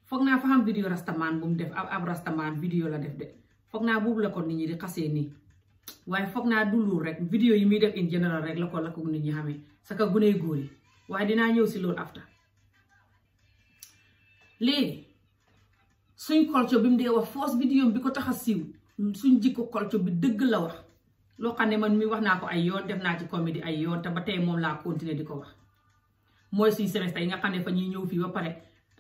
foog naa fa xam vidéo rastaman bu mu def ab ab rastaman la def de foog naa boobu la ko nit ñi di xasee nii waaye foog naa du loolu rek vidéo yi muy def in général rek la ko la ko nit ñi xamee sa ka guney góor yi waaye dinaa ñëw si loolu afta léegi suñ culture bi mu dee wax force vidéo bi ko tax a siiw suñ jikko culture bi dëgg la wax loo xam ne man mi wax naa ko ay yoon def naa ci comme comédie ay yoon te ba tey moom laa continuer di ko wax mooy suñ semestre yi nga xam ne fa ñuy ñëw fii ba pare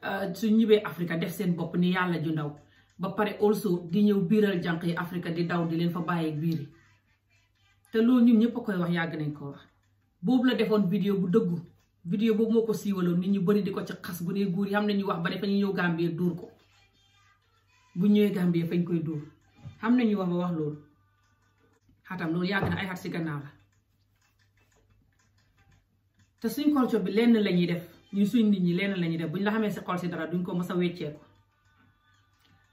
euh, suñ ñibbee Afrique def seen bopp ni yàlla ju ndaw ba pare also di ñëw biiral jànq yi Afrique di daw di leen fa bàyyi biiri te loolu ñun ñëpp koy wax yàgg nañ ko wax boobu la defoon vidéo bu dëggu vidéo boobu moo ko siiwaloon ni ñu bari di ko ci xas bu dee góor yi xam ne ñu wax ba ne fa ñuy ñëw Gambie duur ko bu ñëwee Gambie fañ koy dóor xam ñuy wax ba wax loolu xatam loolu yàgg na ay xat si gannaaw la te suñ culture bi lenn lañuy def ñu suñ nit ñi lenn lañuy def bu ñu la xamee si xol si dara duñ ko mës a wecceeku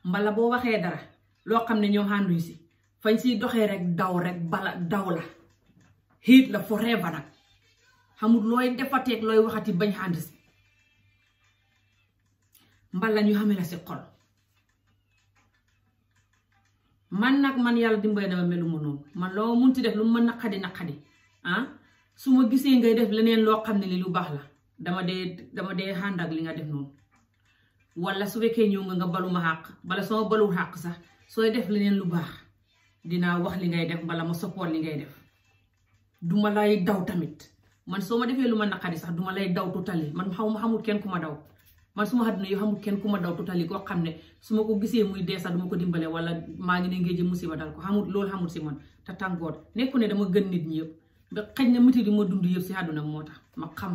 mbala boo waxee dara loo xam ne ñoom ànduñ si fañ siy doxee rek daw rek bala daw la hiit la forever nag xamul looy defateeg looy waxati bañ ànd si mbala ñu xamee la si xol man nag man yàlla dimbale na ma melu ma noonu man loo munti def lu ma naqadi naqadi ah su ma gisee ngay def leneen loo xam ne li lu baax la dama dee dama dee ànd ak li nga def noonu wala su fekkee ñëw nga nga balu ma xàq bala soo balu xàq sax sooy def leneen lu baax dinaa wax li ngay def bala ma soppoon li ngay def duma lay daw tamit man soo ma defee lu ma naqadi sax duma lay daw tutali man xaw ma xamul kenn ku ma daw man suma àdduna yoo xamul kenn ku ma daw tutali koo xam ne su ma ko gisee muy dee sax duma ko dimbale wala maa ngi ne ngee jëm musiba dal ko xamul loolu xamul si man te tàngoor nekku ne dama gën nit ñi yëpp ba xëj ne métit yi ma dund yëpp si àdduna moo tax ma xam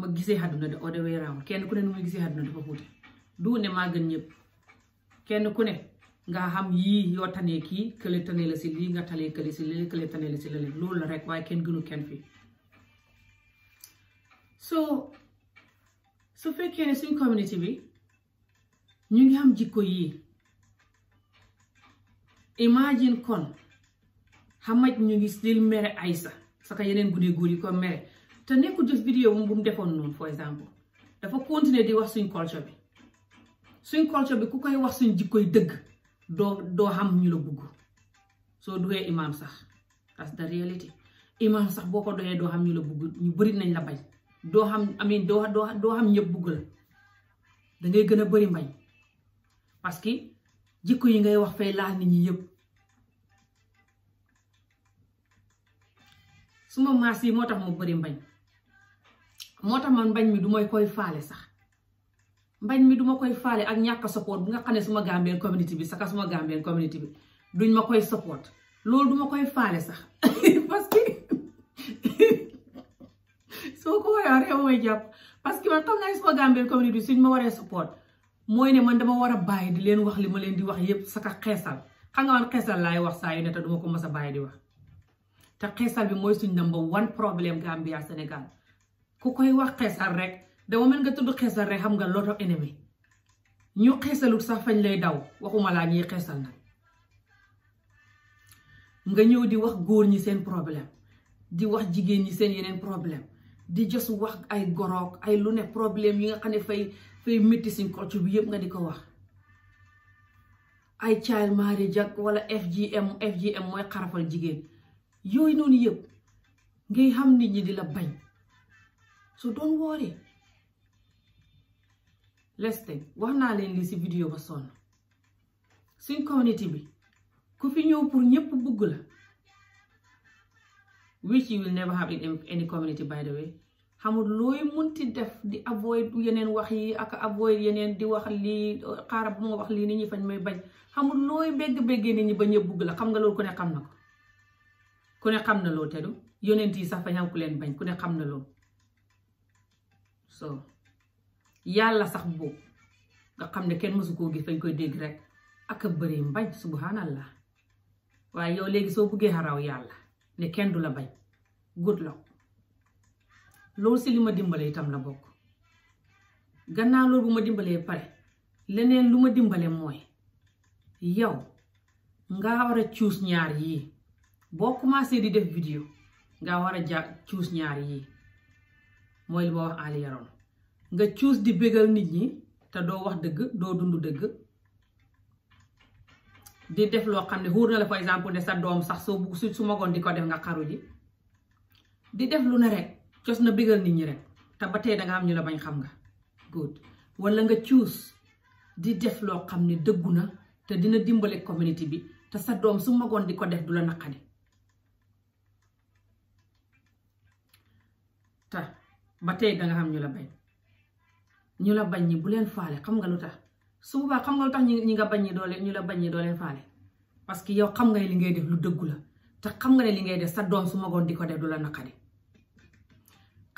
ma gisee àdduna de ode kenn ku ne nu gisee àdduna dafa wuute du ne maa gën ñëpp kenn ku ne nga xam yii yoo tanee kii kële la si lii nga talee kële si lii kële tane la loolu la rek waaye kenn gënu kenn fii so su fekkee suñ communauté bi ñu ngi am jikko yii imagine kon xamaj ñu ngi still mere Aysa saka yeneen gune góor yi ko mere te nekkul jëf vidéo bu mu defoon noonu for exemple dafa continuer di wax suñ culture bi suñ culture bi ku koy wax suñ jikkoy dëgg doo doo xam ñu la bugg soo duggee imaam sax that's the reality imaam sax boo ko doyee doo xam ñu la bugg ñu bëri nañ la bañ doo xam amin doo doo doo xam ñëpp bugg la dangay gën a bari mbañ parce que jikko yi ngay wax fay laal nit ñi yëpp suma maas yi moo tax mu bari mbañ moo tax man mbañ mi du may koy faale sax mbañ mi du ma koy faale ak ñàkk support bu nga xam ne suma gambeen community bi saka suma gambeen community bi duñ ma koy support loolu du ma koy faale sax soo ko waree réew mooy jàpp parce que man toog naa suma Gambian community suñ ma waree support mooy ne man dama war a bàyyi di leen wax li ma leen di wax yépp saka xeesal xam nga man xeesal wax saa yu ne te duma ko mës a bàyyi di wax te xeesal bi mooy suñ number one problème Gambia Sénégal ku koy wax xeesal rek dama mën nga tudd xeesal xam nga lot of enemy ñu xeesalut sax fañ lay daw waxuma laa ñuy xeesal nag nga ñëw di wax góor ñi seen problème di wax jigéen ñi seen yeneen problème di jos wax ay goroog ay lu ne problème yi nga xam ne fay fay métti suñ culture bi yëpp nga di ko wax ay child marriage ak wala FGM FGM mooy xarafal jigéen yooyu noonu yëpp ngay xam nit ñi di la bañ so don't worry leste wax naa leen lii si vidéo ba sonn suñ community bi ku fi ñëw pour ñëpp bugg la which you will never have in any community by the way xamul looy munti def di avoid yeneen wax yi ak avoid yeneen di wax lii xaara bu ma wax lii ni ñi fañ may bañ xamul looy bégg-béggee nit ñi ba bugg la xam nga loolu ku ne xam na ko ku ne xam na loolu te du yonent sax fañ leen bañ ku ne xam na loolu so yàlla sax boobu nga xam ne kenn mësu koo gis fañ koy dégg rek ak a bëri mbañ subhanallah waaye yow léegi soo buggee xaraw yàlla ne kenn du la bañ good luck loolu si li ma dimbalee itam la bokk gannaaw loolu bu ma dimbalee pare leneen lu ma dimbale mooy yow nga war a cuus ñaar yii boo commencé di def vidéo nga war a ja cuus ñaar yii mooy li ma wax Aliou nga cuus di bégal nit ñi te doo wax dëgg doo dundu dëgg di def loo xam ne wóor na la par exemple ne sa doom sax soo su su magoon di ko def nga xaru ji di def lu ne rek cos na bégal nit ñi rek te ba tey danga am ñu la bañ xam nga good nga choose di def loo xam ne dëggu na te dina dimbale community bi te sa doom su magoon di ko def du la naqadi te ba tey danga am ñu la bañ ñu la bañ ñi bu leen faale xam nga lu tax su boobaa xam nga lu tax ñi nga bañ ñi doole ñu la bañ ñi doole faale parce que yow xam nga ne li ngay def lu dëggu la te xam nga ne ngay def sa doom su magoon di ko def du la naqari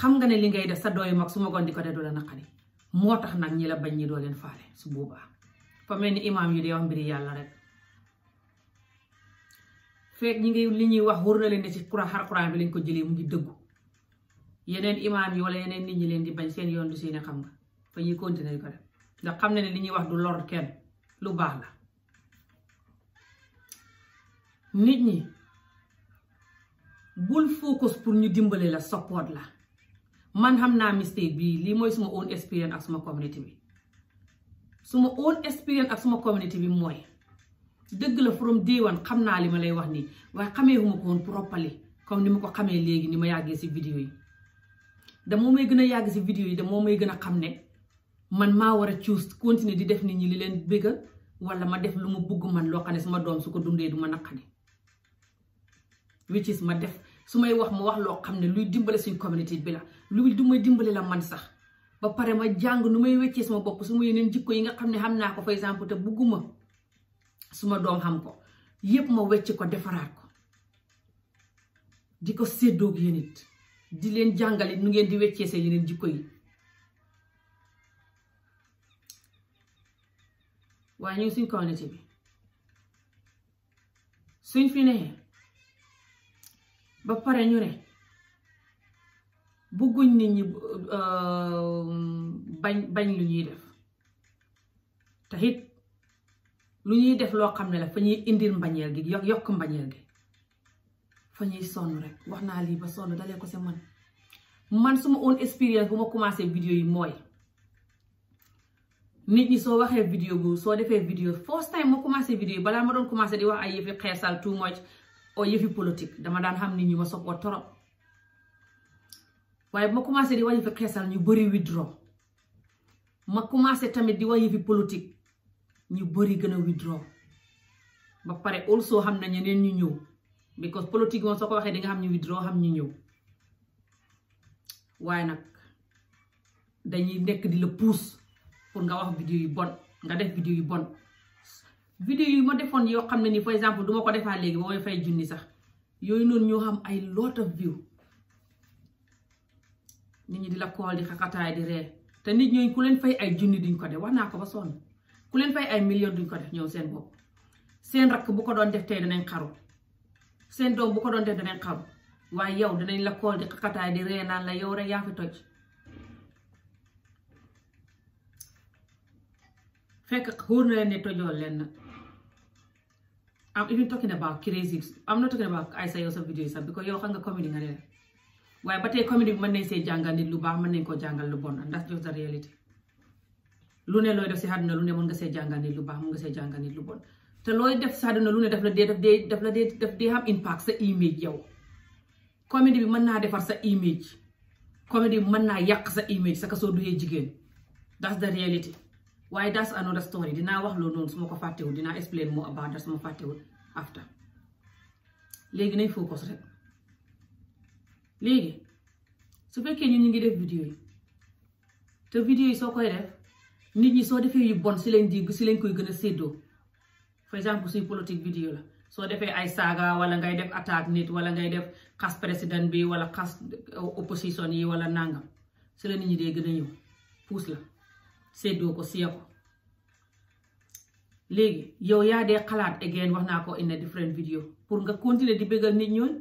xam nga ne li ngay def sa doom yu mag su magoon di ko def du la naqari moo tax nag ñi la bañ ñi dooleen faale su boobaa fa mel ni imaam yi day wax mbiri yàlla rek feek ñi ngi li ñuy wax wóor na leen ne ci Quran xar Quran bi ko jëlee mu ngi dëggu yeneen imaam yi wala yeneen nit ñi leen di bañ seen yoon du si ne xam nga fa ñuy continuer ko def ndax xam na ne li ñuy wax du lor kenn lu baax la nit ñi bul focus pour ñu dimbale la support la man xam naa mistake bii lii mooy suma own experience ak suma community bi suma own experience ak suma community bi mooy dëgg la from day xam naa li ma lay wax nii waaye xamee huma ko woon properly comme ni mu ko xamee léegi ni ma yàggee si video yi da moo gën a yàgg si vidéo yi da moo may gën a xam ne man maa war a choose continuer di def nii ñi li leen bëggal wala ma def lu ma bugg man loo xam ne suma doom su ko dundee du ma naqadi which is ma def su may wax ma wax loo xam ne luy dimbale suñ communauté bi la lu du may dimbale la man sax ba pare ma jàng nu may weccee suma bopp su ma yeneen jikko yi nga xam ne xam naa ko par exemple te bugguma suma doom xam ko yépp ma wecc ko defaraat ko di ko séddoog yéen it di leen jàngale nu ngeen di weccee seen yeneen jikko yi waaye ñu suñ kaw nit bi suñ fi nee ba pare ñu ne bugguñ nit ñi euh, bañ bañ lu ñuy def te it lu ñuy def loo xam ne la fa ñuy indir mbañeel gi yokk yokk mbañeel gi fa ñuy sonn rek wax naa lii ba sonn dalee ko si man man suma own expérience bu ma commencé vidéo yi mooy nit ñi soo waxee vidéo bu soo defee vidéo first time ma commencé vidéo balaa ma doon commencé di wax ay yëfi xeesal too much oo yëfi politique dama daan xam nit ñi ma soppoon torop waaye ma commencé di wax yëfi xeesal ñu bëri withdraw ma commencé tamit di wax yëfi politique ñu bëri gën a withdraw ba pare also xam na ñeneen ñu ñëw because politique moom soo waxee dinga nga xam ñu withdraw xam ñu ñëw waaye nag dañuy nekk di la pousse. pour nga wax vidéo yu bon nga def vidéo yu bon vidéo yu ma defoon yoo xam ne ni par exemple du ko defaa léegi ba may fay junni sax yooyu noonu ñoo xam ay lot of view nit ñi di la kool di xaqataay di ree te nit ñooñu ku leen fay ay junni duñ ko def wax naa ko ba sonn ku leen fay ay million duñ ko def ñëw seen bopp seen rakk bu ko doon def tey danañ xaru seen doom bu ko doon def danañ xaru waaye yow danañ la kool di xaqataay di ree naan fekk xóor na leen ne tojoo leen am even talking about crazy am not talking about ay sa yow sa vidéo yi sax bi ko yow xam waaye ba tey comédie bi see jàngal nit lu baax mën nañ koo jàngal lu bon ndax lu ne looy def si àdduna lu ne mën nga see jàngal nit baax mën nga see lu bon te looy def si lu ne daf la dee daf dee daf la am impact sa image yow bi mën naa defar sa image comédie bi mën naa yàq sa image sa soo duyee jigéen that's the reality waaye that's another story dinaa wax loolu noonu su ma ko fàttewul dinaa explain moo about that su ma fàttewul after léegi nañ focus rek léegi su fekkee ñun ñu ngi def vidéo yi te vidéo yi soo koy def nit ñi soo defee yu bon si lañ di si lañ koy gën a séddoo par exemple suñ politique vidéo la soo defee ay saaga wala ngay def attaque nit wala ngay def xas président bi wala xas opposition yi wala nangam si la nit ñi dee gën a ñëw puus la séddoo ko si ko léegi yow yaa de xalaat again wax naa ko in a different video pour nga continuer di bëggal nit ñooñ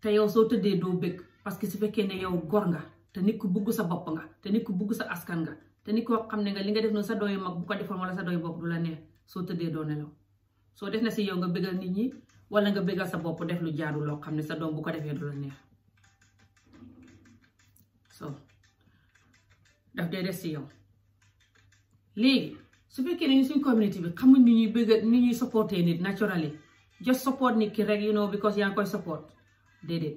te yow soo tëddee doo bëgg parce que si fekkee ne yow gor nga te nit ku bugg sa bopp nga te nit bugg sa askan nga te nit koo xam ne nga li nga def noonu sa dooyu mag bu ko defoon wala sa du la neex soo tëddee doo nelaw soo def na si yow nga bëggal nit ñi wala nga bëggal sa bopp def lu jaaru loo xam ne sa doom bu ko defee du la neex so daf dee des si yow léegi su fekkee ne suñ community bi xamuñ ni ñuy bëgg ni ñuy supporté nit naturally just support nit ki rek you know because yaa ngi koy support déedéet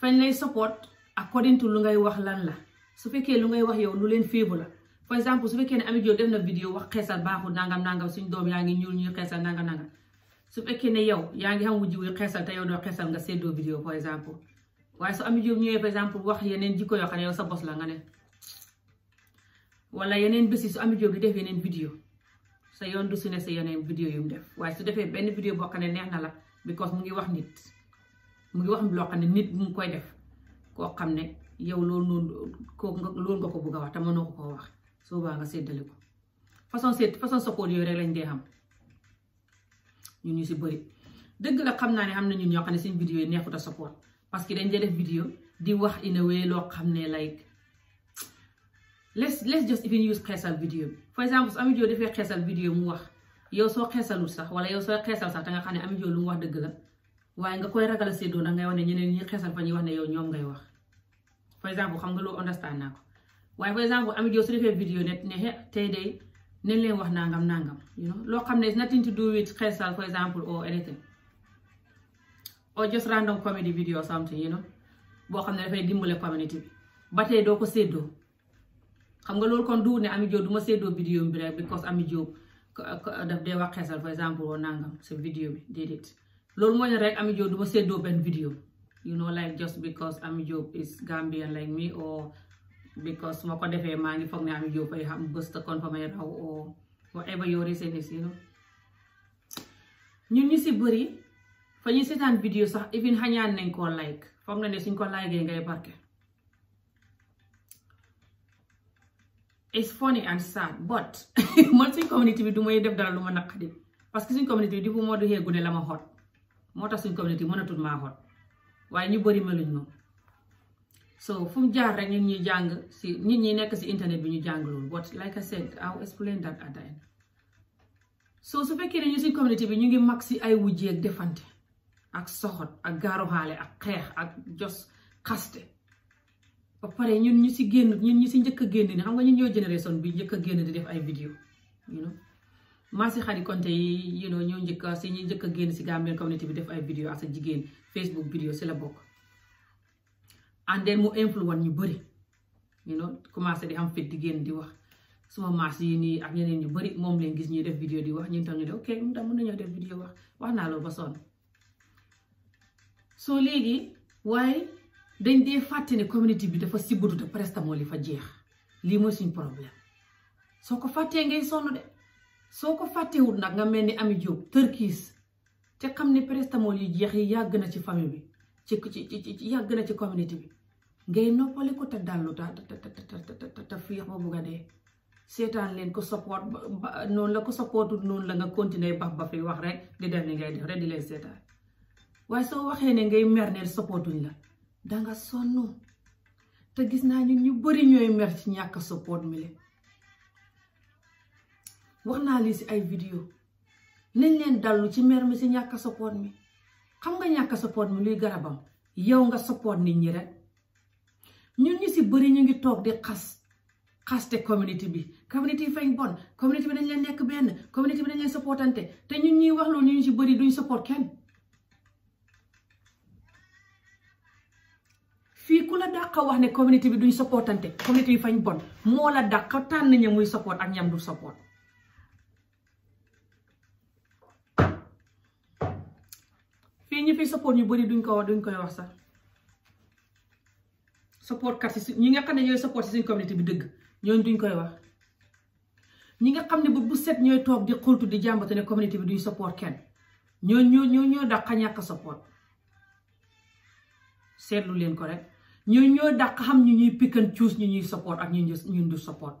fañ lay support according to lu ngay wax lan la su fekkee lu ngay wax yow lu leen féebu la for exemple su fekkee ne Amie wax xeesal baaxul nangam nangam suñ doom yaa ngi ñuul ñuy xeesal nangam nangam su fekkee ne yow yaa ngi xam wujj wu xeesal te yow doo xeesal nga séddoo vidéo for exemple waaye su Amie Jobe ñëwee par exemple wax yeneen jikko yoo xam ne yow sa bos la nga ne wala yeneen bisi su Ami Jóob di def yeneen vidéo sa yoon du si ne sa yeneen vidéo yu def waaye su defee benn vidéo boo xam ne neex na la because mu ngi wax nit mu ngi wax loo xam ne nit mu koy def koo xam ne yow loolu noonu koo loolu nga ko bugg a wax te mënoo ko koo wax soo baa nga séddale ko façon seet façon sokoor yooyu rek lañ dee am ñu ñu si bëri dëgg la xam naa ne am na ñun ñoo xam ne seen vidéo yi neexut sa sokoor parce que dañ dee def vidéo di wax in loo xam ne like let's let's just even use xeesal vidéo bi for exemple su Amie Jobe defee xeesal vidéo mu wax yow soo xeesalul sax wala yow soo xeesal sax te nga xam ne Amie Jobe lu mu wax dëgg la waaye nga koy ragal a séddoo nag ngay wax ne ñeneen ñi xeesal fa ñuy wax ne yow ñoom ngay wax for example xam nga loo understand naa ko waaye for example Amie Jobe su defee vidéo ne ne tey de ne leen wax nangam nangam you know loo xam ne nothing to do with xeesal for example or anything or just random comedy video boo xam ne dafay dimbale community bi ba tey doo ko séddoo. xam nga loolu kon du ne Ami Diop du ma séddoo vidéo bi rek because Ami Diop daf dee wax xeesal par exemple woo nangam sa vidéo bi déedéet loolu mooy ne rek Ami Diop du ma benn vidéo you know like just because Ami Diop is ma ko defee maa ngi foog ne Ami Diop ay xam bës ta confirmé raw or whatever your ñun ñu si bëri fa ñu seetaan vidéo sax even xañaan nañ koo like foog na ne suñ ko like ngay barke it's funny and sad but man suñ community bi du may def dara lu ma naqadi parce que suñ community bi di fu moo du xee gune la ma xot moo tax suñ community mënatul ma xot waaye ñu bëri meluñ moom so fu mu jaar rek ñun ñuy jàng si nit ñi nekk si internet bi ñu jàng loolu but like I said I'll explain that at the end su fekkee ne ñu suñ community bi ñu ngi mag si ay wujjeeg defante ak soxot ak gaaru ak xeex ak jos xaste ba pare ñun ñu si génn ñun ñu si njëkk a génn ni xam nga ñun ñoo génération bi njëkk a génn di def ay vidéo you know maa konte yi you know ñoo njëkk a si ñu njëkk génn si Gambian community bi def ay vidéo ak sa jigéen Facebook vidéo si la bokk and then mu influence ñu bëri you know commencé di am fit di génn di wax suma maas yi nii ak ñeneen ñu bëri moom leen gis ñuy def vidéo di wax ñun tam ñu de ok ñun tam mën nañoo def vidéo wax wax naa loolu ba sonn soo léegi waaye dañ dee fàtte ne communauté bi dafa sibbatu te presque moo li fa jeex lii mooy suñ problème soo ko fàttee ngay sonn de soo ko fàttewut nag nga mel ni Ami Diop tërkiis te xam ne paracetamol yi jeex yi yàgg na ci famille bi ci ci ci yàgg na ci communauté bi ngay noppali ko te dallu ta ta ta ta fiix ba bugg a seetaan leen ko support ba noonu la ko supportul noonu la nga continuer bax ba fi wax rek di def ni ngay def rek di leen seetaan waaye soo waxee ne ngay mer ne supportuñ la. danga sonn te gis naa ñun ñu bëri ñooy mer ci ñàkk support mi le wax naa lii si ay vidéo nañ leen dallu ci mer mi si ñàkk support mi xam nga ñàkk support mi luy garabam yow nga support nit ñi rek ñun ñu si bari ñu ngi toog di xas xaste community bi community bi bon community bi dañ leen nekk benn community bi dañ leen supportante te ñun ñuy wax loolu ñu ñu si bëri duy support kenn ku la dàqa wax ne communauté bi duñ supportante communauté bi fañ bon moo la dàqa tànn ña muy support ak ñam du support fii ñi fi support ñu bari duñ ko wax duñ koy wax sax support kat si ñi nga xam ne ñooy support si suñ communauté bi dëgg ñooñ duñ koy wax ñi nga xam ne bu bu set ñooy toog di xultu di jàmbatu ne communauté bi duñ support kenn ñoo ñoo ñoo ñoo dàqa ñàkk support seetlu leen ko rek ñu ñoo dàq xam ñu ñuy pick and choose ñu ñuy support ak ñu ñun du support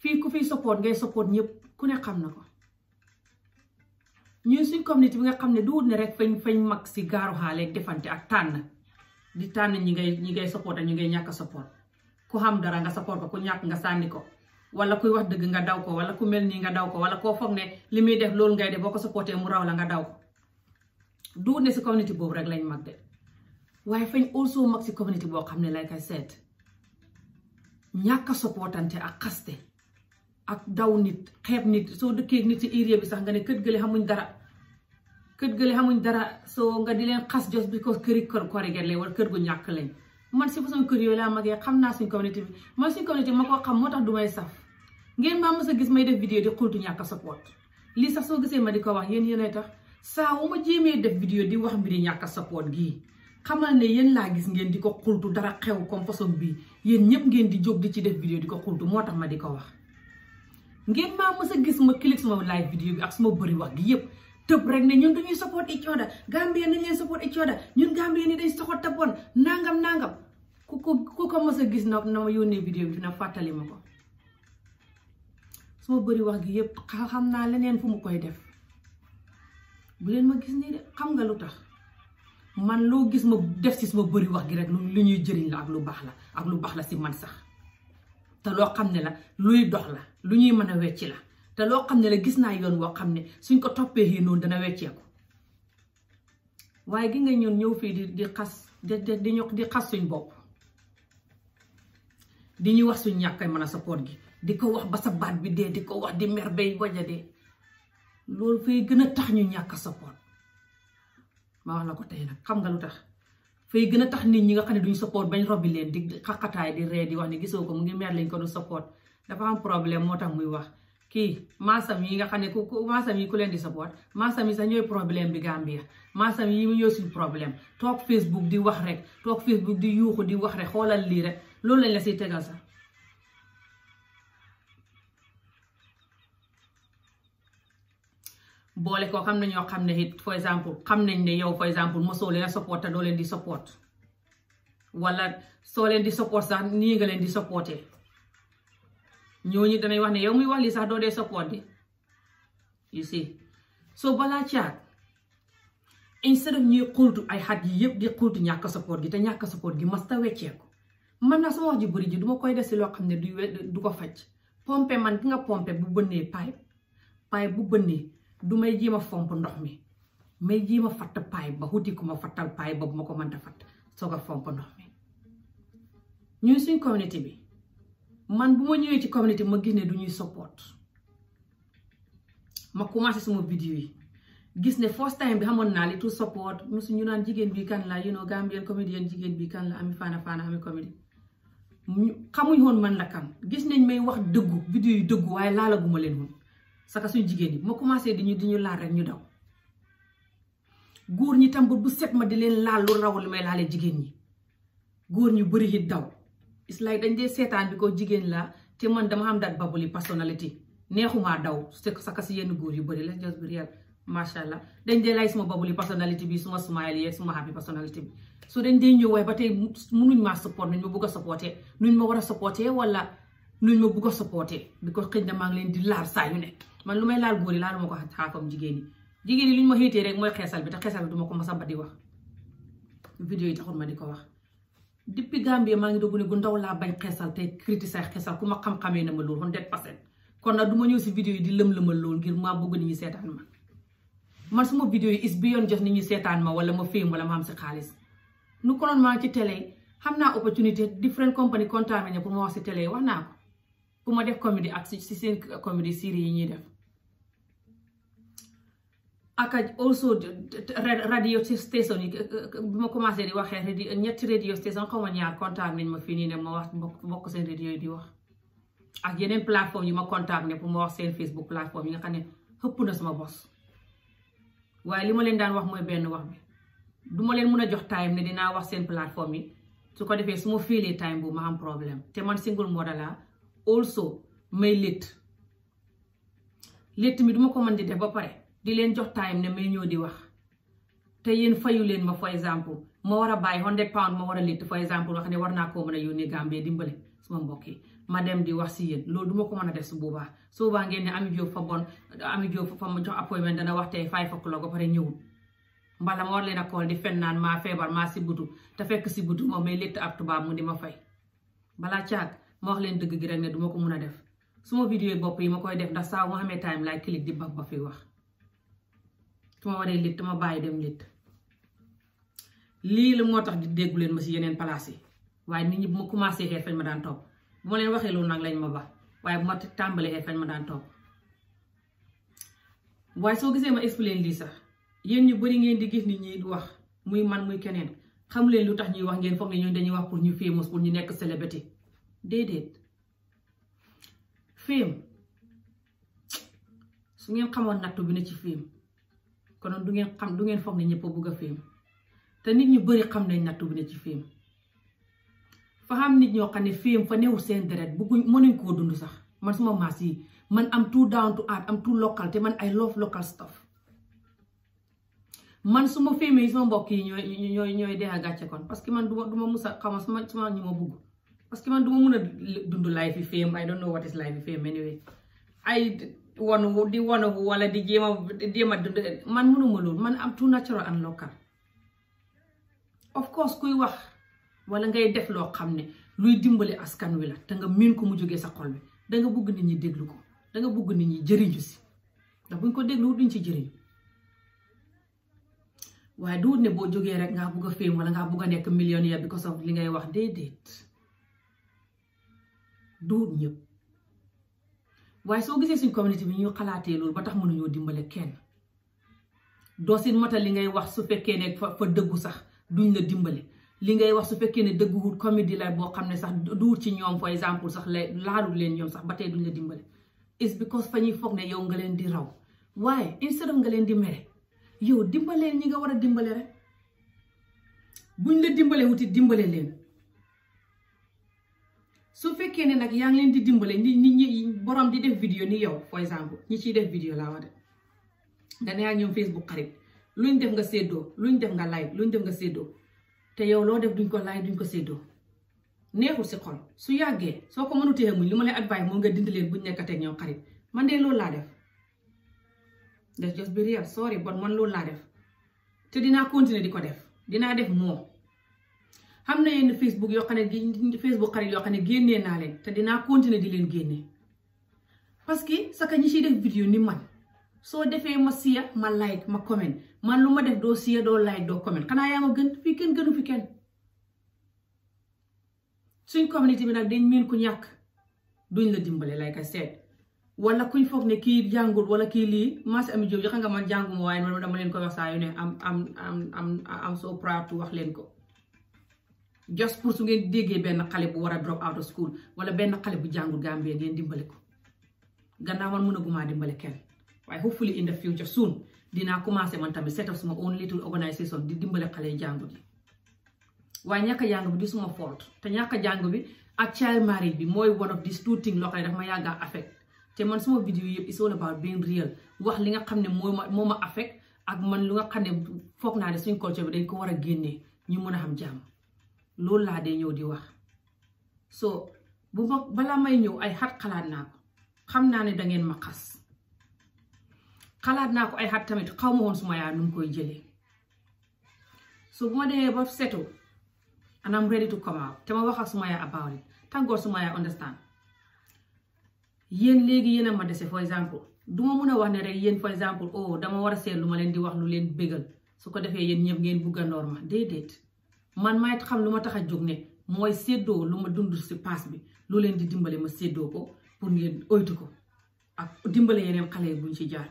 fii ku fiy support ngay support ñëpp ku ne xam na ko ñun suñ community bi nga xam ne du wut ne rek fañ fañ mag si gaaru xaale defante ak tànn di tànn ñi ngay ñi ngay support ak ñi ngay ñàkk support ku xam dara nga support ko ku ñàkk nga sànni ko wala kuy wax dëgg nga daw ko wala ku mel nii nga daw ko wala koo foog ne li muy def loolu ngay de boo ko supporté mu raw la nga daw ko du wut ne si community boobu rek lañ mag waaye fañ also mag si community boo xam ne like I said ñàkk a supportante ak xaste ak daw nit xeeb nit soo dëkkee nit ci area bi sax nga ne kër gële xamuñ dara kët gële xamuñ dara soo nga di leen xas just because këri kër korigel lañ wal kër gu ñàkk lañ man si façon kër yooyu laa magee xam naa suñ community bi man suñ community ma koo xam moo tax du may saf ngeen maa mës a gis may def vidéo di xultu ñàkk a support lii sax soo gisee ma di ko wax yéen yéenay tax saa wu ma jéemee def vidéo di wax mbiri ñàkk a gii xamal ne yéen laa gis ngeen di ko xultu dara xew comme façon bii yéen ñëpp ngeen di jóg di ci def vidéo di ko xultu moo tax ma di ko wax ngeen maa mës a gis ma click sama live vidéo suma bëri wax gi yëpp rek ne ñun duñuy support each other ñun Gambien ni dañ soxot nangam nangam ku ko ku gis na na ma bi dina fàttali ma ko suma gi yëpp xam naa leneen fu mu koy def bu leen ma gis nii de xam nga lu tax man loo gis ma def si sama bëri wax gi rek lu ñuy jëriñ la ak lu baax la ak lu baax la si man sax te loo xam ne la luy dox la lu ñuy mën a wecci la te loo xam ne la gis naa yoon woo xam ne suñ ko toppee yi noonu dana wecceeku waaye gi nga ñoon ñëw fii di di xas di di ñu di xas suñ bopp di ñuy wax suñ ñàkk mën a support gi di ko wax ba sa baat bi dee di ko wax di mer bay waja dee loolu fay gën a tax ñu ñàkk support ma wax la ko tey nag xam nga lu tax fay gën a tax nit ñi nga xam ne duñ support bañ robbi leen di xaqataay di ree di wax ne gisoo ko mu ngi meer lañ ko du support dafa am problème moo tax muy wax kii maasam yi nga xam ne ku maasam yi ku leen di support maasam yi sax ñooy problème bi Gambia maasam yi ñoo suñ problème toog Facebook di wax rek toog Facebook di yuuxu di wax rek xoolal lii rek loolu lañ la siy tegal sax boole ko xam ne ñoo xam ne it exemple xam nañ ne yow for exemple ma leen a support te doo leen di support wala soo leen di support sax nii nga leen di supporté ñooñu danay wax ne yow muy walli lii sax doo dee support di you so balaa caag instead of ñuy xultu ay xat yi yëpp di xultu ñàkk support gi te ñàkk support gi mas ta wecceeku man naa sama wax ji bëri duma koy des si loo xam ne du ko faj pompe man ki nga pompe bu bënnee pipe pipe bu bënnee du may jéem a fomp ndox mi may jéem a fatt paay ba wuti ma fattal paay ba bu ma ko mënta fatt soo a fomp ndox mi ñun suñ communauté bi man bu ma ñëwee ci communauté ma gis ne du ñuy support ma commencé suma vidéo yi gis ne first time bi xamoon naa li tout support musu ñu naan jigéen bi kan la you know Gambian comédien jigéen bi kan la Ami Fana Fana Ami comédie xamuñ woon man la kan gis nañ may wax dëggu vidéo yu dëggu waaye laalaguma leen saka suñu jigéen ñi ma commencé di ñu di ñu laal rek ñu daw góor ñi tam bu set ma di leen laal lu raw li may laalee jigéen ñi góor ñu bëri it daw is islaay dañ dee seetaan bi ko jigéen la te man dama am daal babuli personnalité neexumaa daw saka si yenn góor yu bari la jos bi réel macha allah dañ dee lay suma babuli personnalité bi suma smile yeeg suma happy personnalité bi so dañ dee ñëw waaye ba tey munuñ maa support nuñ ma bëgg a supporté nuñ lu luñ ma bugg a supporté because xëy na maa ngi leen di laal saa yu ne man lu may laal góor yi laalu ma ko xaafam jigéen ñi jigéen ñi luñ ma xiitee rek mooy xeesal bi te xeesal bi duma ko masa ba wax vidéo yi taxul ma di ko wax depuis Gambie maa ngi dogu gu ndaw laa bañ xeesal te criticiser xeesal ku ma xam-xamee na ma loolu hundred percent kon nag du ma ñëw si vidéo yi di lëm-lëmal loolu ngir maa bëgg nit ñi seetaan ma man suma vidéo yi is bi yoon jos ni ñi seetaan ma wala ma féem wala ma am si xaalis nu konoon maa ci télé xam naa opportunité different company contaminé pour ma wax si télé wax naa pour ma def comédie ak si seen comédie série yi ñuy def ak also radio station yi bi ma commencé di waxee radio ñetti radio station xaw ma ñaar contact nañ ma fii nii ne ma wax bokk seen radio yi di wax ak yeneen plateforme yi ma contact ne pour ma wax seen Facebook plateforme yi nga xam ne xëpp na ma bos waaye li ma leen daan wax mooy benn wax bi du ma leen mën a jox time ne dinaa wax seen plateforme yi su ko defee su ma fiilee time bu ma am problème te man single mother laa also may létt létt mi duma ko mën di def ba pare di leen jox time ne may ñëw di wax te yéen fayu leen ma for exemple ma war a bàyyi hundred pound ma war a létt for exemple wax ne war naa koo mën a yónnee Gambie dimbale ma dem di wax si yéen loolu duma ko mën a def su boobaa su boobaa ngeen ne Amie Jobe fa bon Amie Jobe fa mu jox appointment dana wax tey five o'clock ba pare ñëwul mbala ma war leen a kool di fen naan maa feebar maa si butu te fekk si butu moom may létt ab tubaab mu di ma fay balaa caag ma wax leen dëgg gi rek ne du ma ko mun a def suma vidéo bopp yi ma koy def ndax saa bu ma amee time laay click di baf ba fi wax su ma waree létt ma bàyyi dem lii la moo tax di déggu ma si yeneen palaas yi waaye nit ñi bu ma commencé xeex fañ ma daan nag lañ ma ba waaye bu ma tàmbalee fañ ma daan topp waaye soo gisee ma expliqué lii sax yéen ñu bari ngeen di gis ni ñuy wax muy man muy keneen xam leen lu tax ñuy wax ngeen foog ne ñooñu dañuy wax pour ñu famous pour ñu nekk célébrité déedéet fiim su ngeen xamoon nattu bi na ci fiim konoon du ngeen xam du ngeen foog ne ñëpp a bugg a fiim te nit ñu bari xam nañ nattu bi ne ci fiim fa xam nit ñoo xam ne fiim fa newul seen deret bugguñ mënuñ koo dund sax man suma maas yi man am tout down to earth am tout local te man ay love local stuff man su ma fiimee suma mbokk yi ñooy ñooy ñooy dee a gàcce kon parce que man duma musa xaw ma suma suma ñu ma bugg parce que man du ma mun a dund life yi fame I don't know what is life yi fame di wanagu wala di jéem a man munuma loolu man am tout natural and local of course kuy wax wala ngay def loo xam ne luy dimbali askan wi la te nga miin ko mu jógee sa xol bi danga bëgg nit ñi déglu ko danga bëgg nit ñi jëriñu si ndax buñ ko déglu duñ ci jëriñu waaye du wut ne boo jógee rek ngaa bëgg a fame wala ngaa bëgg a nekk millionnaire because of li ngay wax déedéet dóor ñëpp waaye soo gisee suñ communauté bi ñuy xalaatee loolu ba tax mënuñoo dimbale kenn doo si matal li ngay wax su fekkee ne fa fa dëggu sax duñ la dimbale li ngay wax su fekkee ne dëgguwut comédie la boo xam ne sax duur ci ñoom par exemple sax la laalul leen ñoom sax ba tey duñ la dimbale is because fa ñuy foog ne yow nga leen di raw waaye instead nga leen di mere yow dimbaleen ñi nga war a dimbale rek buñ la dimbale wuti dimbale leen su fekkee ne nag yaa ngi leen di dimbale ni nit ñi borom di def vidéo ni yow for exemple ñi ciy def vidéo laa wax de nga ne yaa ñoom Facebook xarit luñ def nga séddoo luñ def nga like luñ def nga séddoo te yow loo def duñ ko like duñ ko séddoo neexul si xol su yàggee soo ko mënutee muñ li ma lay baay moom nga dindi leen buñ nekkateeg ñoom xarit man de loolu laa def that's just be real sorry but man loolu laa def te dinaa continuer di ko def dinaa def moo am na yenn Facebook yoo xam ne Facebook xarit yoo xam ne génnee naa leen te dinaa continuer di leen génne parce que sa ka ñi ciy def vidéo ni man soo defee ma siya ma like ma comment man lu ma def doo siya doo like doo comment xanaa yaa ma gën fii kenn gënu fi kenn suñ communauté bi nag dañ meen ku ñàkk duñ la dimbale like I said wala kuñ foog ne kii jàngul wala kii lii Massi ami Jobe xam nga man jànguma waaye man dama leen ko wax saa ne am am am am am wax leen ko. just pour su ngeen déggee benn xale bu war a drop out of school wala benn xale bu jàngul Gambia ngeen dimbale ko gannaaw man mënagumaa dimbale kenn waaye hopefully in the future soon dinaa commencé man tamit set up suma own little organisation di dimbale xale jàngu gi ñàkk a jàng di suma fault te ñàkk jàng bi ak child bi mooy one of these two things loo xam ne te man suma vidéo yëpp it's all wax li nga xam ne moo ma moo ma affect ak man lu nga xam naa ne suñ culture bi dañ ko war a génnee ñu mën a xam jàmm loolu laa dee ñëw di wax so bu ma balaa may ñëw ay xat xalaat naa ko xam naa ne dangeen ma xas xalaat naa ko ay xat tamit xaw ma woon suma yaa nu koy jëlee so bu ma demee ba setu and I'm ready to come te ma wax ak suma yaa about it thank God suma yaa understand yéen léegi yéen a ma dese for exemple duma mun a wax ne rek yéen for exemple oh dama war a seet lu ma leen di wax lu leen bégal su ko defee yéen ñëpp ngeen bugg ma normal déedéet man may xam lu ma tax a jóg ne mooy seddoo lu ma dund si paas bi lu leen di dimbale ma seddoo ko pour ngeen oytu ko ak dimbale yeneen xale yi buñ ci jaar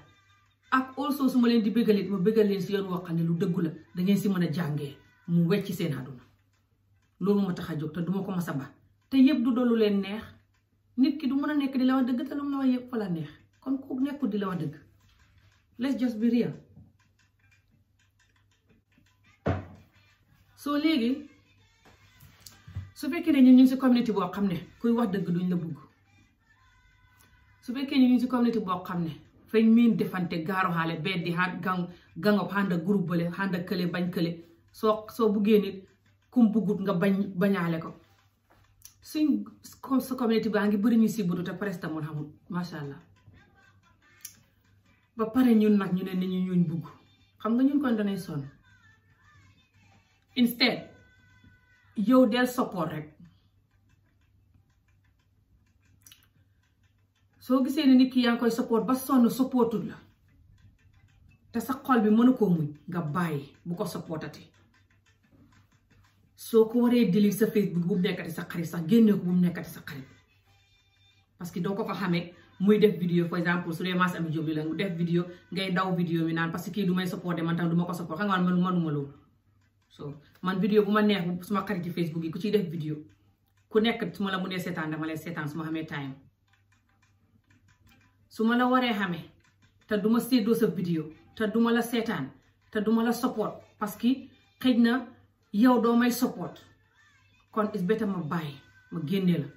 ak also su ma leen di bëggal it ma bëgga leen si yoon woo xam ne lu dëggu la da si mën a jàngee mu wecc seen àdduna loolu ma tax a jóg te duma ko mas a ba te yëpp du doon leen neex nit ki du mën a nekk di la wax dëgg te lu mu la wax yëpp fa la neex kon ku nekkul di la wax dëgg let's just soo léegi su fekkee ne ñu ngi si communauté boo xam ne kuy wax dëgg duñ la bugg su fekkee ñu ngi si communauté boo xam ne fañ miin defante gaaru xaale bee di xaar gang gangop xànd ak groupe bële xànd ak kële soo soo buggee nit kum nga bañ bañaale ko suñ sa communauté ngi bëri ñu si buddu te macha allah ba pare ñun nag ñu ne ni ñu ñuñ bugg xam nga ñun kon danay instead yow del support rek soo gisee ne nit kii yaa ngi koy support ba sonn supportul la te sa xol bi mënu koo muñ nga bàyyi bu ko supportati soo ko waree dili sa Facebook bu mu nekkati sa xarit sax génne ko bu mu nekkati sa xarit parce que doo ko ko xamee muy def vidéo par exemple su dee Mass Ami Jobe la mu def vidéo ngay daw vidéo mi naan parce que kii du man tam du ko support xam nga man mënuma loolu so man vidéo bu ma neex suma xarit ci Facebook yi ku ciy def vidéo ku nekk suma la mënee seetaan dama lay seetaan su ma xamee time su ma la waree xamee te duma seddoo séddoo sa vidéo te du la seetaan te duma la support parce que xëj na yow doo may support kon is better ma bàyyi ma génne la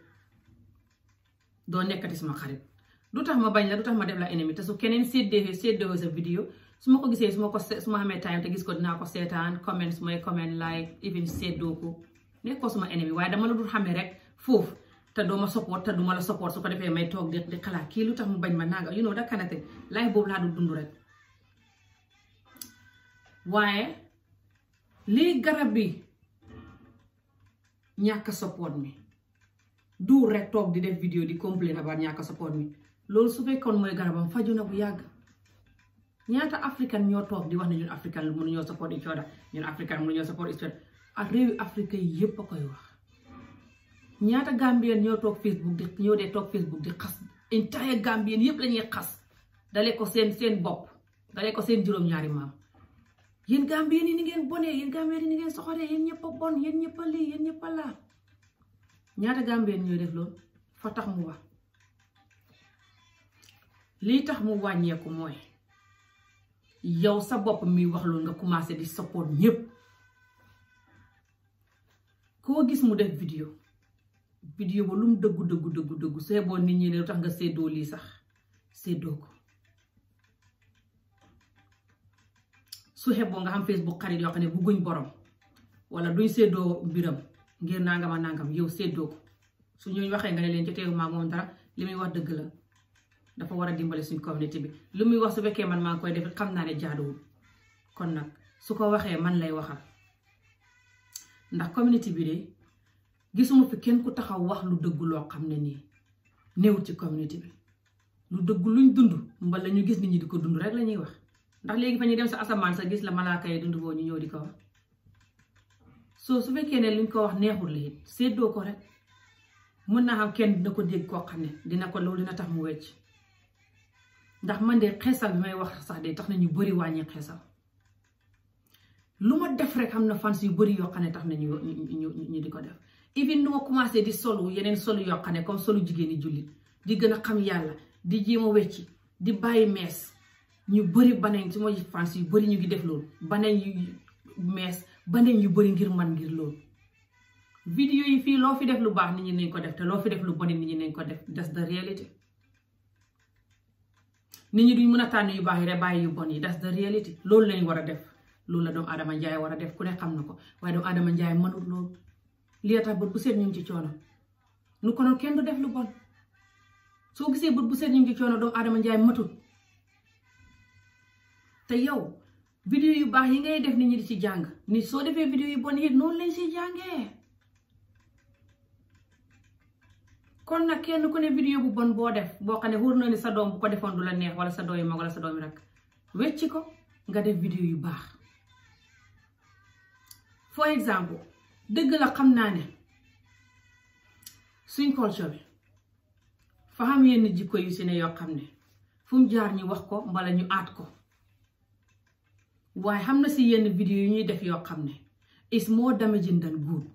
doo nekkati suma xarit du tax ma bañ la du tax ma def la ennemi te su keneen séddee séddoo sa vidéo su ma ko gisee su ma ko su ma xamee time te gis ko dinaa ko seetaan comment su may comment like even seddoo ko nekk ko suma ennemi waaye dama la dul xamee rek foofu te doo ma support te du ma la su ko defee may toog di xalaat kii lu tax mu bañ ma nanga you know da kanate life boobu laa du dund rek waaye lii garab bi ñàkk support toog di def vidéo di complain about ñàkk support mi loolu su fekkoon mooy garabam faju na bu yàgg ñaata africain ñoo toog di wax ne ñun africain lu mënu ñoo support each other ñun africain mënu ñoo support each other ak réewi africain yi yëpp a koy wax ñaata gambien ñoo toog facebook di ñoo dee toog facebook di gambien yëpp lañuy xas dalee ko seen seen bopp dalee ko seen juróom-ñaari maam yéen gambien yi ni ngeen bonee yéen gambien yi ni ngeen soxoree yéen ñëpp a bon yéen ñëpp a lii yéen ñëpp a laa ñaata gambien ñooy def loolu fa tax mu wax lii tax mu wàññeeku mooy yow sa bopp mi wax loolu nga commencé di support ñëpp koo gis mu def vidéo vidéo ba lu mu dëggu dëggu dëggu dëggu seeboo nit ñi ne lu tax nga séddoo lii sax seddoo ko su xeboo nga xam Facebook xarit yoo xam ne bëgguñ borom wala duñ séddoo mbiram ngir nangama nangam yow séddoo ko su ñooñ waxee nga ne leen joteewu maa moom dara li muy wax dëgg la dafa war a dimbale suñ communauté bi lu muy wax su fekkee man maa ngi koy def xam naa ne jaaduwul kon nag su ko waxee man lay waxal ndax communauté bi de gisuma fi kenn ku taxaw wax lu dëgg loo xam ne nii néewut ci communauté bi lu dëgg luñ dund mbala ñu gis nit ñi di ko dund rek la ñuy wax ndax léegi fa ñu dem sa asamaan sa gis la malaaka yi dund boo ñu ñëw di ko wax soo su fekkee ne luñ ko wax neexul la it séddoo ko rek mën naa xam kenn dina ko dégg koo xam ne dina ko loolu dina tax mu wecc ndax man de xeesal bi may wax sax de tax na ñu bëri wàññi xeesal lu ma def rek am na fans yu bëri yoo xam ne tax na ñu ñu di ko def even nu ma commencé di solu yeneen solu yoo xam ne comme solu jigéeni ñi jullit di gën a xam yàlla di jéem a wecci di bàyyi mees ñu bëri baneen su ma fans yu bëri ñu ngi def loolu baneen yu mees baneen yu bëri ngir man ngir loolu vidéo yi fii loo fi def lu baax ñu ñi nañ ko def te loo fi def lu bon nit ñi nañ ko def that's the reality nit ñi duñ mën a tànn yu baax yi rek yu bon yi that's the reality loolu lañ war a def loolu la doomu Adama Njaay war a def ku ne xam na ko waaye doomu Adama Njaay mënul loolu li tax bët bu seet ñu ngi ci coono nu konoon kenn du lu bon soo gisee bët ñu ngi ci coono doomu Adama Njaay matul te yow vidéo yu baax yi ngay def nit ñi di ci jàng ni soo defee vidéo yu bon yi noonu lañ ci jàngee kon nag kenn ku ne vidéo bu bon boo def boo xam ne wóor na ni sa doom bu ko defoon du la neex wala sa doom yi mag wala sa doom yi rakk wecci ko nga def vidéo yu baax foo exemple dëgg la xam naa ne suñ culture bi xam yenn jikko yu si ne yoo xam ne fu jaar ñu wax ko mbala ñu aat ko waaye xam na si yenn vidéo yu ñuy def yoo xam ne is more damaging than good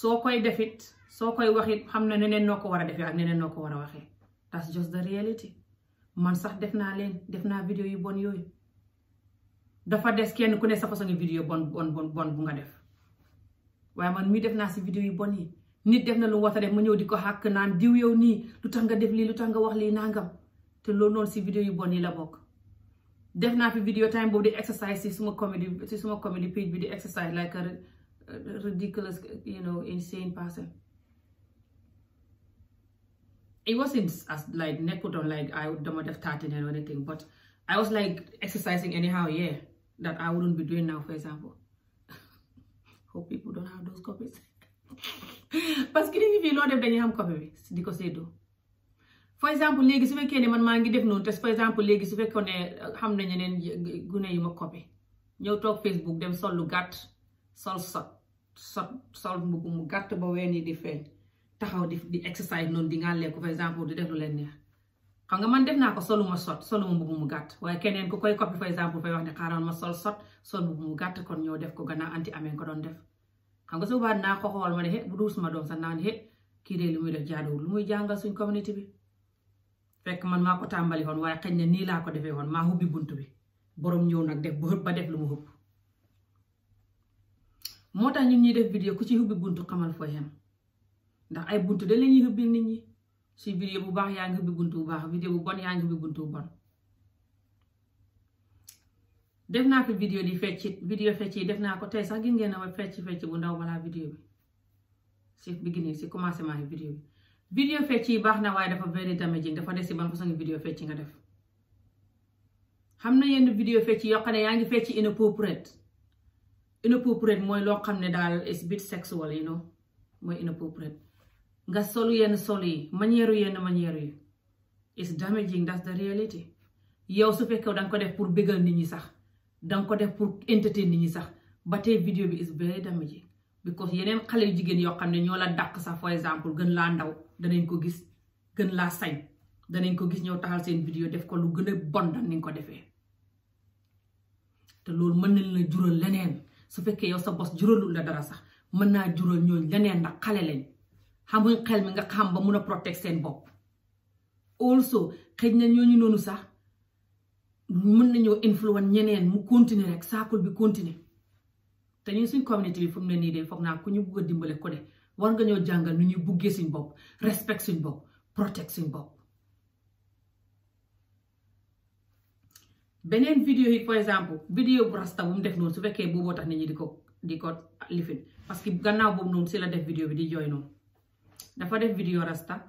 soo koy defit soo koy waxit xam na neneen noo ko war a defee ak neneen noo ko war a waxee that's just the reality man sax def naa leen def naa vidéo yi bon yooyu dafa des kenn ku ne sa façon vidéo bon bon bon bon bu nga def waaye man mii def naa si vidéo yu bon yi nit def na lu wata def ma ñëw di ko xàkk naan diw yow nii lu tax nga def lii lu tax nga wax lii nangam te loolu lool si vidéo yu bon yi la bokk def naa fi vidéo time boobu di exercise si suma comedy si suma comedy bi di exercise like ridiculous, you know, insane person. It wasn't as like neckwood on like I don't have 13 or anything, but I was like exercising anyhow, yeah, that I wouldn't be doing now, for example. parce que nit ñi loo def dañuy xam copie bi di ko séddoo for exemple léegi su fekkee ne man maa ngi def noonu te for exemple léegi su fekkoon ne xam na ñeneen gune yu ma copie toog Facebook dem sol lu gàtt sol sot sol sol mbubb mu gàtt ba ween yi di feeñ taxaw di di exercise noonu di ngàlleeku par exemple di def lu leen neex xam man def naa ko soluma sot soluma mbubb mu gàtt waaye keneen ku koy copy par exemple fay wax ne xaaral ma sol sot sol mbubb gàtt kon ñoo def ko gannaaw anti amee ko doon def xam nga su boobaa naa ko xool ma ne bu dul suma doom sax ne kii de li muy def jaaduwul lu muy jàngal suñ communauté bi fekk man maa ko tàmbali woon waaye xëy na nii laa ko defee woon maa hubbi bunt bi borom ñëw nag def ba def lu mu hëpp moo tax ñun ñuy def vidéo ku ci ubbi buntu xamal fooy yem ndax ay bunt da la ñuy ubbi nit ñi si vidéo bu baax yaa ngi ubbi buntu bu baax vidéo bu bon yaa ngi ubbi buntu bu bon. def naa fi vidéo di fecc vidéo fecc yi def naa ko tey sax gis ngeen ne fecc fecc bu ndaw balaa bi si beginning si commencement bi. vidéo fecc yi baax na waaye dafa very damaging dafa des si ban façon vidéo fecc nga def xam na yenn vidéo fecc yoo xam ne yaa ngi fecc inappropriate inappropriate mooy loo xam ne daal it's bit sexual you know mooy inappropriate nga solu yenn sol yi manière yenn manière yi it's damaging that's the reality yow su fekkee danga ko def pour bégal nit ñi sax danga ko def pour entertain nit ñi sax ba te vidéo bi is very damaging because yeneen xale yu jigéen yoo xam ne ñoo la dàq sax for exemple gën laa ndaw danañ ko gis gën laa sañ danañ ko gis ñëw taxal seen vidéo def ko lu gën a bon dan ni ko defee te loolu mën nañ la jural leneen su fekkee yow sa bos juralul la dara sax mën naa jural ñooñ leneen ndax xale lañ xamuñ xel mi nga xam ba mun a protect seen bopp also xëj na ñooñu noonu sax mën nañoo influence ñeneen mu continuer rek saakul bi continuer te ñun suñ communauté bi fu mu ne nii de foog naa ku ñu bugg a dimbale ko de war nga ñoo jàngal nu ñuy buggee suñ bopp respect suñ bopp protect suñ bopp beneen vidéo yi par exemple vidéo bu rasta bu mu def noonu su fekkee booboo tax nit ñi di ko di ko lifin parce que gannaaw boobu noonu si la def vidéo bi di jooy noonu dafa def vidéo rasta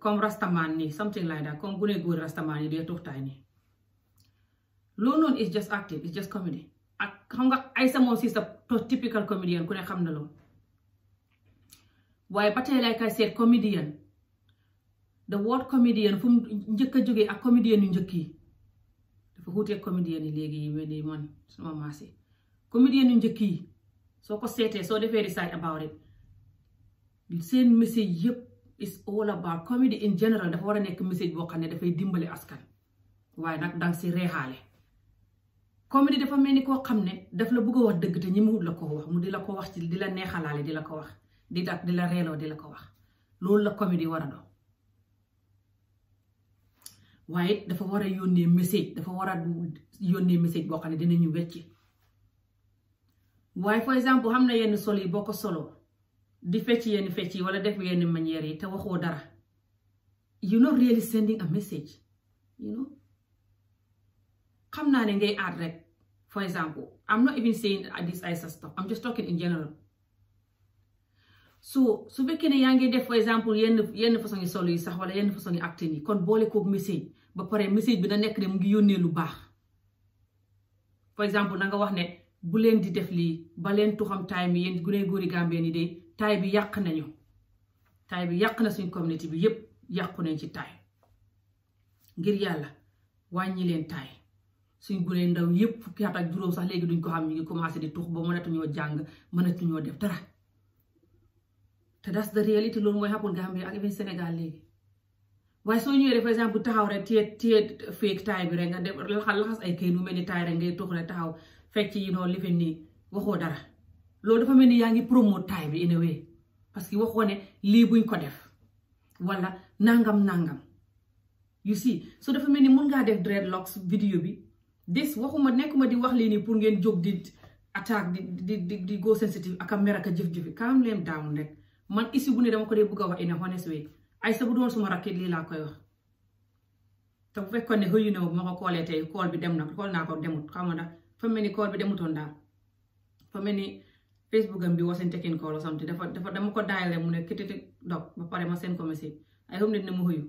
comme rastaman nii something like that comme gune góor rastaman nii ak xam nga ay sa moom ku ne xam na loolu waaye ba tey lay kay seet comédien the word comédien fu njëkk a jógee ak comédien yu njëkk yi dafa wuuteeg comédien yi léegi yi mel ni man suma maas yi comédien yu njëkk yi soo ko seetee soo defee research about it seen message yëpp is all about comedy in general dafa war a nekk message boo xam ne dafay dimbali askan waaye nag dang si reexaale comedy dafa mel ni koo xam ne daf la bëgg wax dëgg te ñi mu wut la ko wax mu di la ko wax ci di la neexalaale di la ko wax di dak di la reeloo di la ko wax loolu la comedy war a doon waaye dafa war a yónnee message dafa war a yónnee message boo xam ne dinañu wecci waaye for exemple xam na yenn solo yi boo ko solo di fecc yenn fecc yi wala def yenn manière yi te waxoo dara you know really sending a message you know xam naa ne ngay aat rek for example I'm not even saying this ISIS stuff I'm just talking in general so su fekkee ne yaa ngi def for example yenn yenn façon yi solo yi sax wala yenn façon yi acte yi kon boole koog message ba pare message bi na nekk ne mu ngi yónnee lu baax par exemple na nga wax ne bu leen di def lii ba leen tuxam taay mi gu gune góori gambeen yi de taay bi yàq nañu taay bi yàq na suñ communauté bi yépp yàqu nañ ci taay ngir yàlla wàññi leen taay suñ gune ndaw yépp fukki at ak juróom sax léegi duñ ko xam ñu ngi di tux ba mënatuñoo jàng mënatuñoo def dara te das the réalité loolu mooy xappul Gambie ak even Sénégal léegi waaye soo ñëwee par exemple taxaw rek téye téye fake taay bi rek nga def laxas ay kay nu mel ni taay rek ngay toog rek taxaw fecc yi noonu li fi nii waxoo dara loolu dafa mel ni yaa ngi promote taay bi in a way parce que waxoo ne lii buñ ko def wala nangam nangam you see so dafa mel ni mun ngaa def dreadlocks vidéo bi des waxuma nekkuma di wax lii nii pour ngeen jóg di attaque di di di go sensitive ak a mer ak a jëf-jëfi calm leen down rek man issue bu ne dama ko dee bëgg a wax in ay sa bu a suma rakk lii laa koy wax te bu fekkoon ne xëyu bu ma ko koolee tey kool bi dem na kool naa ko demut xam nga fa mel ni kool bi demutoon daal ni Facebook am bi wasn't taking call or something dafa dafa dama ko daayale mu ne kititi dog ba pare ma seen ko message ay xam ne dina ma xëyu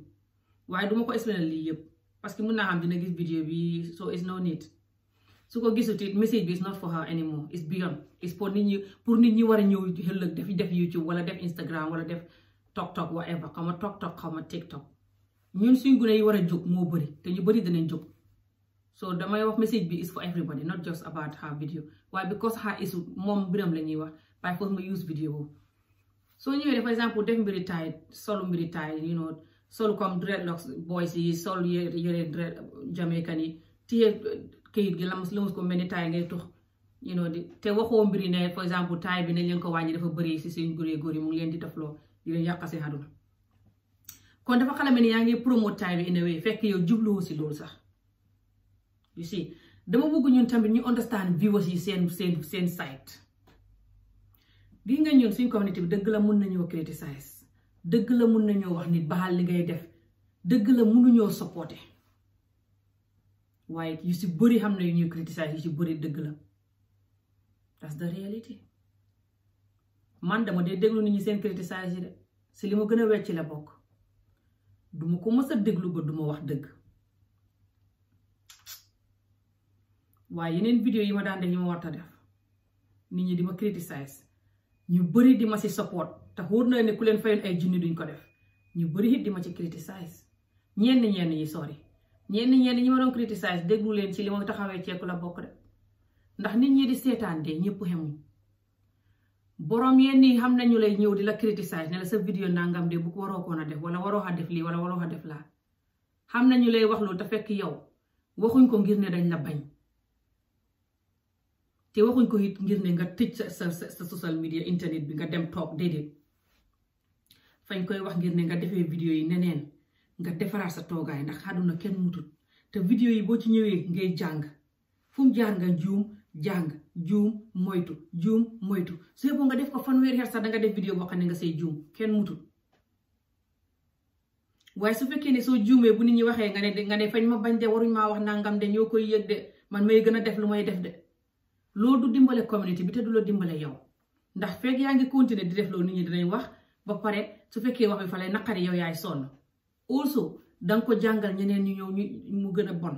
waaye du ko expliqué lii yëpp parce que mun naa xam dina gis vidéo bi so it's su ko gisut it message bi is not for her anymore it's beyond it's pour nit ñi war a ñëw xëllëg def def YouTube wala def Instagram wala def tok tok whatever xaw ma tok tok xaw ma tiktok ñun suñ gune yi war a jóg moo bëri te ñu bëri danañ jóg so damay wax message bi is for everybody not just about her video waaye because her is moom biram la ñuy wax by force ma use video boobu soo ñëwee par exemple def mbiri taay solu mbiri taay you know solu comme dreadlocks boys yi sol yére dread jamaican yi téye këyit gi lamus lamus ko mel ni taay ngay tux you know di te waxoo mbiri ne par exemple taay bi nañ leen ko di leen yàq seen àdduna kon dafa xalame ne yaa ngi promote time in a way fekk yow jubluwoo si loolu sax you see dama bëgg ñun tamit ñu understand viewers yi seen seen seen site gii nga ñëw suñ community bi dëgg la mun nañoo criticize dëgg la mun nañoo wax nit baxal li ngay def dëgg la munuñoo supporter waaye yu si bëri xam na yu ñuy criticize yu si bëri dëgg la that's the reality man dama dee déglu nit ñi seen criticiser yi de si li ma gën a wecc la bokk duma ko mës a déglu ba duma wax dëgg waaye yeneen vidéo yi ma daan def yi ma war a def nit ñi di ma criticiser ñu bëri di ma si support te wóor na ne ku leen fayoon ay junni duñ ko def ñu bëri di ma ci criticiser ñenn ñenn ñi sori ñenn ñenn ñi ma doon criticiser déglu leen ci li ma taxawee ceeku la bokk de ndax nit ñi di seetaan de ñëpp xemuñ borom yenn yi xam nañu lay ñëw di la criticiser ne la sa vidéo nangam de bu ko waroo koon a def wala waroo xa def lii wala waroo xa def laa xam nañu lay wax loolu te fekk yow waxuñ ko ngir ne dañ la bañ te waxuñ ko it ngir ne nga tëj sa sa sa social bi nga dem toog déedéet fañ koy wax ngir ne nga defee vidéo yi neneen nga defaraat sa toogaay ndax na kenn mutut te vidéo yi boo ci ñëwee ngay jàng fu mu jaar nga juum jàng juum moytu juum moytu su yeboo nga def ko fanweeri xel sax danga def vidéo boo xam nga say juum kenn mutul waaye su fekkee ne soo juumee bu nit ñi waxee nga ne nga ne fañ ma bañ de waruñ maa wax nangam de ñoo koy yëg de man may gën a def lu may def de loolu du dimbale communauté bi te du la dimbale yow ndax fekk yaa ngi continuer di def loolu nit ñi dinañ wax ba pare su fekkee wax bi fa lay naqari yow yaay sonn also danga ko jàngal ñeneen ñu ñëw mu gën a bon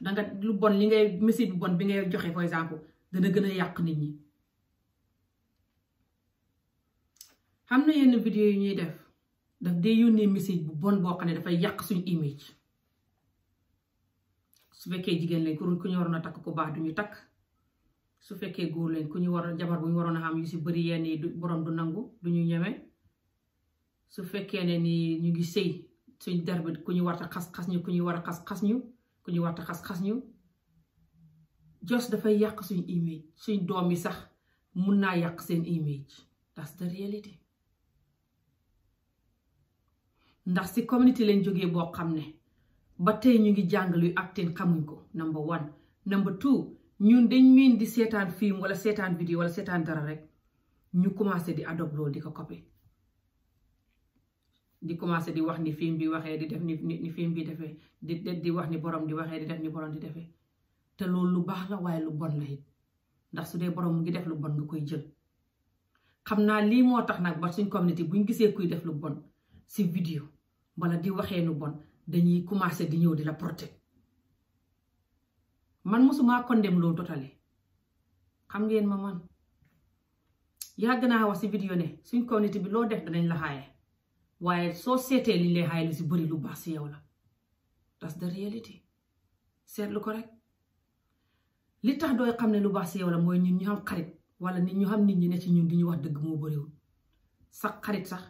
danga lu bon li ngay message bon bi ngay joxe par exemple dana gën a yàq nit ñi xam na yenn vidéo yu ñuy def daf dee yónnee message bu bon boo xam ne dafay yàq suñu image su fekkee jigéen lañ ku ñu waroon a takk ku baax duñu takk su fekkee góor lañ ku ñu war a jabar bu ñu waroon a am yu si bari yenn yi borom du nangu ñu ñeme su fekkee ne ni ñu ngi sëy suñ der bi ku ñu war a xas xas ñu ku ñu war a xas xas ñu jos dafay yàq suñu image suñ doom yi sax mun naa yàq seen image that's the reality ndax si community lañ jógee boo xam ne ba tey ñu ngi jàng luy acting xamuñ ko number one number two ñun dañ miin di seetaan film wala seetaan bidi wala seetaan dara rek ñu commencé di adopt loolu di ko copy di commencé di wax ni film bi waxee di def ni ni film bi defee di di wax ni borom di waxee di def ni borom di defee te loolu lu baax la waaye lu bon la it ndax su dee borom mu ngi def lu bon nga koy jël xam naa lii moo tax nag ba suñ communauté buñ gisee kuy def lu bon si vidéo bala di waxee nu bon dañuy commencé di ñëw di la protéger man mosuma condamné loolu totale xam ngeen ma man yàgg naa wax si vidéo ne suñ communauté bi loo def danañ la xaaye waaye soo seetee liñ lay xaaye lu si bëri lu baax si yow la that's the reality seetlu ko rek li tax dooy xam ne lu baax si yow la mooy ñun ñu xam xarit wala nit ñu xam nit ñi ne ci ñun di ñu wax dëgg moo bëriwul sax xarit sax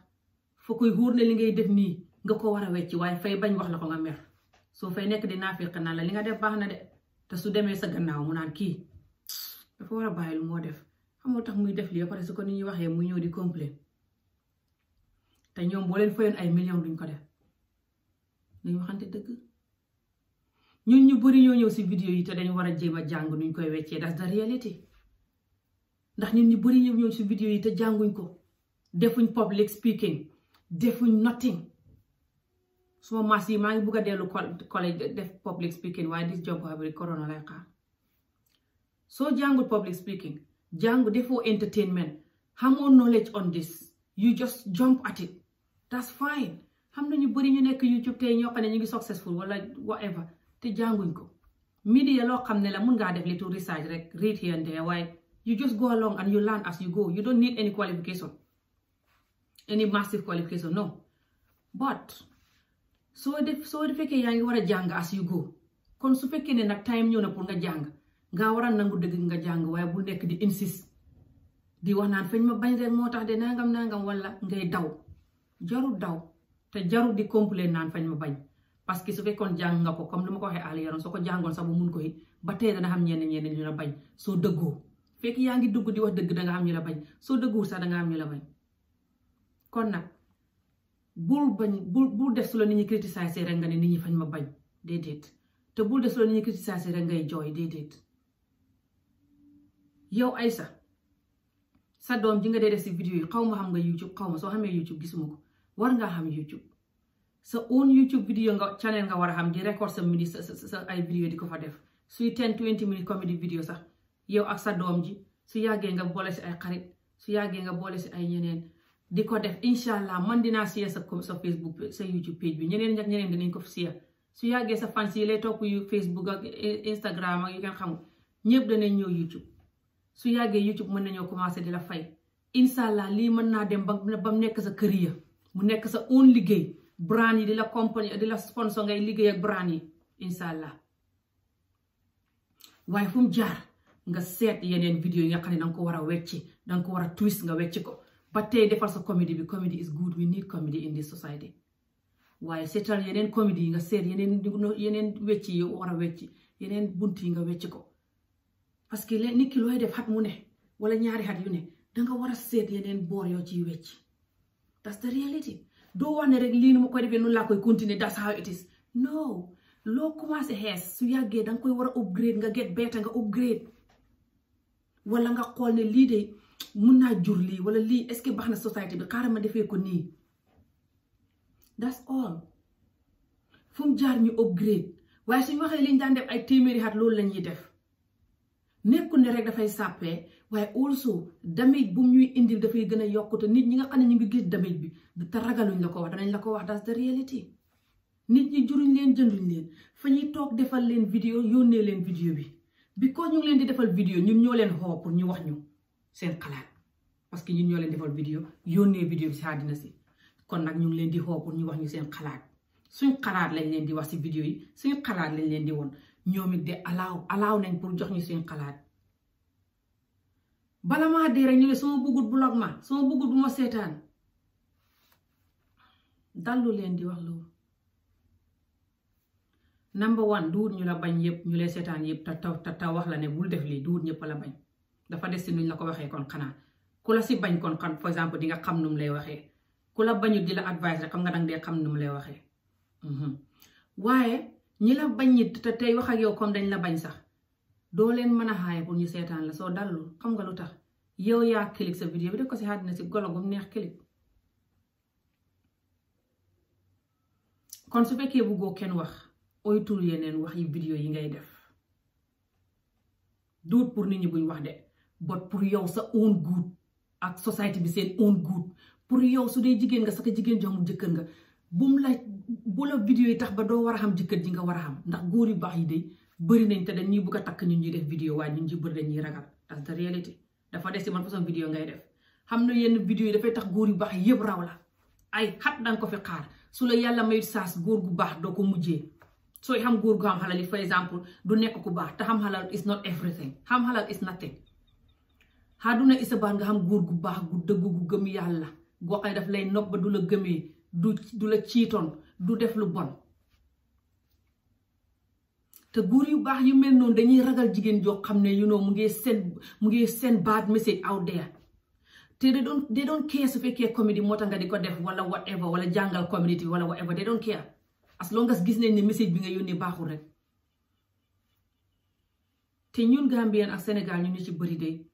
foo koy wóor ne li ngay def nii nga ko war a wecc waaye fay bañ wax la ko nga mer soo fay nekk di naafiq naa la li nga def baax na de te su demee sa gannaaw mu naan kii dafa war a bàyyi lu moo def xamoo tax muy def lii pare su ko nit ñi waxee mu ñëw di complain te ñoom boo leen fayoon ay million duñ ko def nañu waxante dëgg. ñun ñu bari ñoo ñëw si vidéo yi te dañu war a jéem a jàng nuñ koy weccee das da réalité ndax ñun ñu bëri ñëw ñëw si vidéo yi te jànguñ ko defuñ public speaking defuñ nothing soo maas maa ngi bugg a dellu collège def public speaking waaye dis job abri corona lay soo jàngul public speaking jàngu defoo entertainment xamoo knowledge on this you just jump at it that's fine xam na ñu bëri ñu nekk YouTube tey ñoo xam ne ñu ngi successful wala whatever te jànguñ ko media loo xam ne la mun ngaa def little research rek read here and there waaye you just go along and you learn as you go you don't need any qualification any massive qualification no but soo def soo fekkee yaa ngi war a jàng as you go kon su fekkee ne nag time ñëw pour nga jàng nga war a nangu dëgg nga jàng waaye bu nekk di insist di wax naan feñ ma bañ rek moo tax de nangam nangam walla ngay daw jarut daw te jarut di complain naan fañ ma bañ. parce que su fekkoon jàng nga ko comme lu ma ko waxee àll yaram soo ko jàngoon sax bu mun ko ba tey dana xam ñenn ñenn ñu la bañ soo dëggoo fekk yaa ngi dugg di wax dëgg danga xam ñu la bañ soo dëgguwul sax danga xam la bañ kon nag bul bañ bul bul def su la nit ñi rek nga ne nit ñi fañ ma bañ déedéet te bu def su la nit ñi criticisé rek ngay jooy déedéet yow ay sa sa doom ji nga dee def si vidéo yi xaw ma xam nga YouTube xaw ma soo xamee YouTube gisuma ko war ngaa xam YouTube. sa own YouTube video war a xam di record sa mini sa sa ay video di ko sax yow ak sa doom ji su yàggee nga boole si ay xarit su yàggee nga boole si ay ñeneen di ko def allah man dinaa siya sa sa Facebook sa YouTube page bi ñeneen ñak ñeneen dinañ ko siya su yàggee sa fans yi lay topp yu Facebook ak Instagram ak yu kenn xamul ñëpp danañ ñëw YouTube su yàggee YouTube mën nañoo commencé di la fay incha allah lii mën naa dem ba mu nekk sa kër ya mu nekk sa own liggéey. brand yi di la compagnie di la sponsor ngay liggéey ak brand yi incha allah waaye fu mu jaar nga seet yeneen vidéo yi nga xam ne ko war a wecci danga ko war a twist nga wecci ko ba tey defal sa comedy bi comedy is good we need comedy in this society waaye seetal yeneen comedy yi nga seet yeneen yeneen wecci yi war a wecci yeneen bunt yi nga wecci ko parce que nit ki looy def xat mu ne wala ñaari xat yu ne danga war a seet yeneen boor yoo ciy wecci that's the doo wax ne rek lii nu ma koy defee nu laa koy continuer that's how it is no loo commencé xees su yàggee danga koy war a upgrade nga get better nga upgrade wala nga xool ne lii de mun naa jur lii wala lii est-ce que baax na société bi xaaral ma defee ko nii that's all fu mu jaar ñu upgrade waaye suñu waxee liñ daan def ay téeméeri at loolu lañuy def nekkul ne rek dafay sàppee waaye also damage bu mu ñuy indil dafay gën a yokk nit ñi nga xam ne ñu ngi gis damage bi te ragaluñ la ko wax nañ la ko wax that's the reality nit ñi juruñ leen jënduñ leen fa ñuy toog defal leen vidéo yónnee leen vidéo bi because ñu leen di defal vidéo ñun ñoo leen xoo pour ñu wax ñu seen xalaat parce que ñun ñoo leen defal vidéo yónnee vidéo bi si àddina si kon nag ñu ngi leen di xoo pour ñu wax ñu seen xalaat suñ xalaat lañ leen di wax si vidéo yi suñ xalaat lañ leen di woon ñoom it de alaaw alaaw nañ pour jox ñu seen xalaat bala maa dee rek ñu ne sama bëggut bloc ma sama bëggut bu ma seetaan dallu leen di wax loolu number one duut ñu la bañ yëpp ñu lay seetaan yëpp te ta ta wax la ne bul def lii duut ñëpp la bañ dafa des si nuñ la ko waxee kon xanaa ku la si bañ kon xam par exemple di nga xam nu lay waxee ku la bañut di la advice rek xam nga danga dee xam nu mu lay waxee mhm. waaye ñi la bañ it te tey wax ak yow comme dañ la bañ sax doo leen mën a xaaye pour ñu seetaan la soo dallul xam nga lu tax yow yaa click sa vidéo bi def ko si àddina si golo gum neex click kon su fekkee buggoo kenn wax oytu yeneen wax yi vidéo yi ngay def duut pour nit ñi buñ wax de bot pour yow sa own good ak société bi seen own good pour yow su dee jigéen nga saka jigéen joo xam jëkkër nga bum la bu la vidéo yi tax ba doo war a xam jëkkër ji nga war a xam ndax góor yu baax yi de bëri nañ te dañuy bugg a takk ñun ñuy def vidéo waaye ñun ci bëri dañuy ragal that's the reality dafa des ci man façon vidéo ngay def xam na yenn vidéo yi dafay tax góor yu baax yëpp raw la ay xat danga ko fi xaar su la yàlla mayut saas góor gu baax doo ko mujjee sooy xam góor gu xam xalal yi par exemple du nekk ku baax te xam xalal is not everything xam xalal is nothing xaaduna isa baax nga xam góor gu baax gu dëgg gu gëm yàlla goo xam ne daf lay nopp ba du la gëmee du du la ciitoon du def lu bon te guur yu baax yu mel noonu dañuy ragal jigéen joo xam ne you know mu ngi seen mu ngi seen bad message out there te they doon they don't care su fekkee comedy moo tax nga di ko def wala whatever wala jàngal community wala whatever they don't care as long as gis nañ ne message bi nga yónnee baaxul rek te ñun Gambien ak Sénégal ñu ñu ci bëri de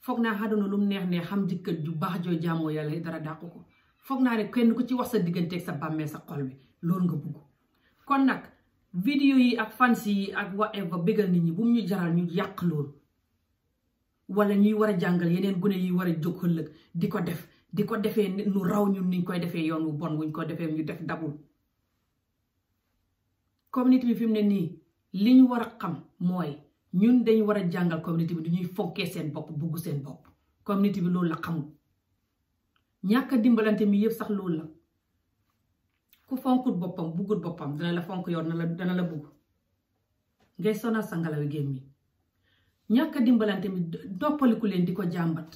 foog naa àdduna lu mu neex ne xam jëkkër ju baax joo jaamoo yàlla dara dàqu ko foog naa ne kenn ku ci wax sa diggante sa bàmmeel sa xol bi loolu nga vidéo yi ak fans yi ak whatever bégal nit ñi bu mu ñu jaral ñu yàq lool wala ñuy war a jàngal yeneen gune yi war a jóg ëllëg di ko def di ko defee nu raw ñun niñ koy defee yoon wu bon wuñ ko defee ñu def dabul communauté bi fi mu ne nii li ñu war a xam mooy ñun dañu war a jàngal communauté bi du ñuy fonkee seen bopp bugg seen bopp communauté bi loolu la xamul ñàkk dimbalante mi yëpp sax loolu la ku fonkut boppam buggut boppam dana la fonk yow dana la dana la bugg ngay sonal sa ngelaw génn mi ñàkk a dimbalante mi doppaliku leen di ko jàmbat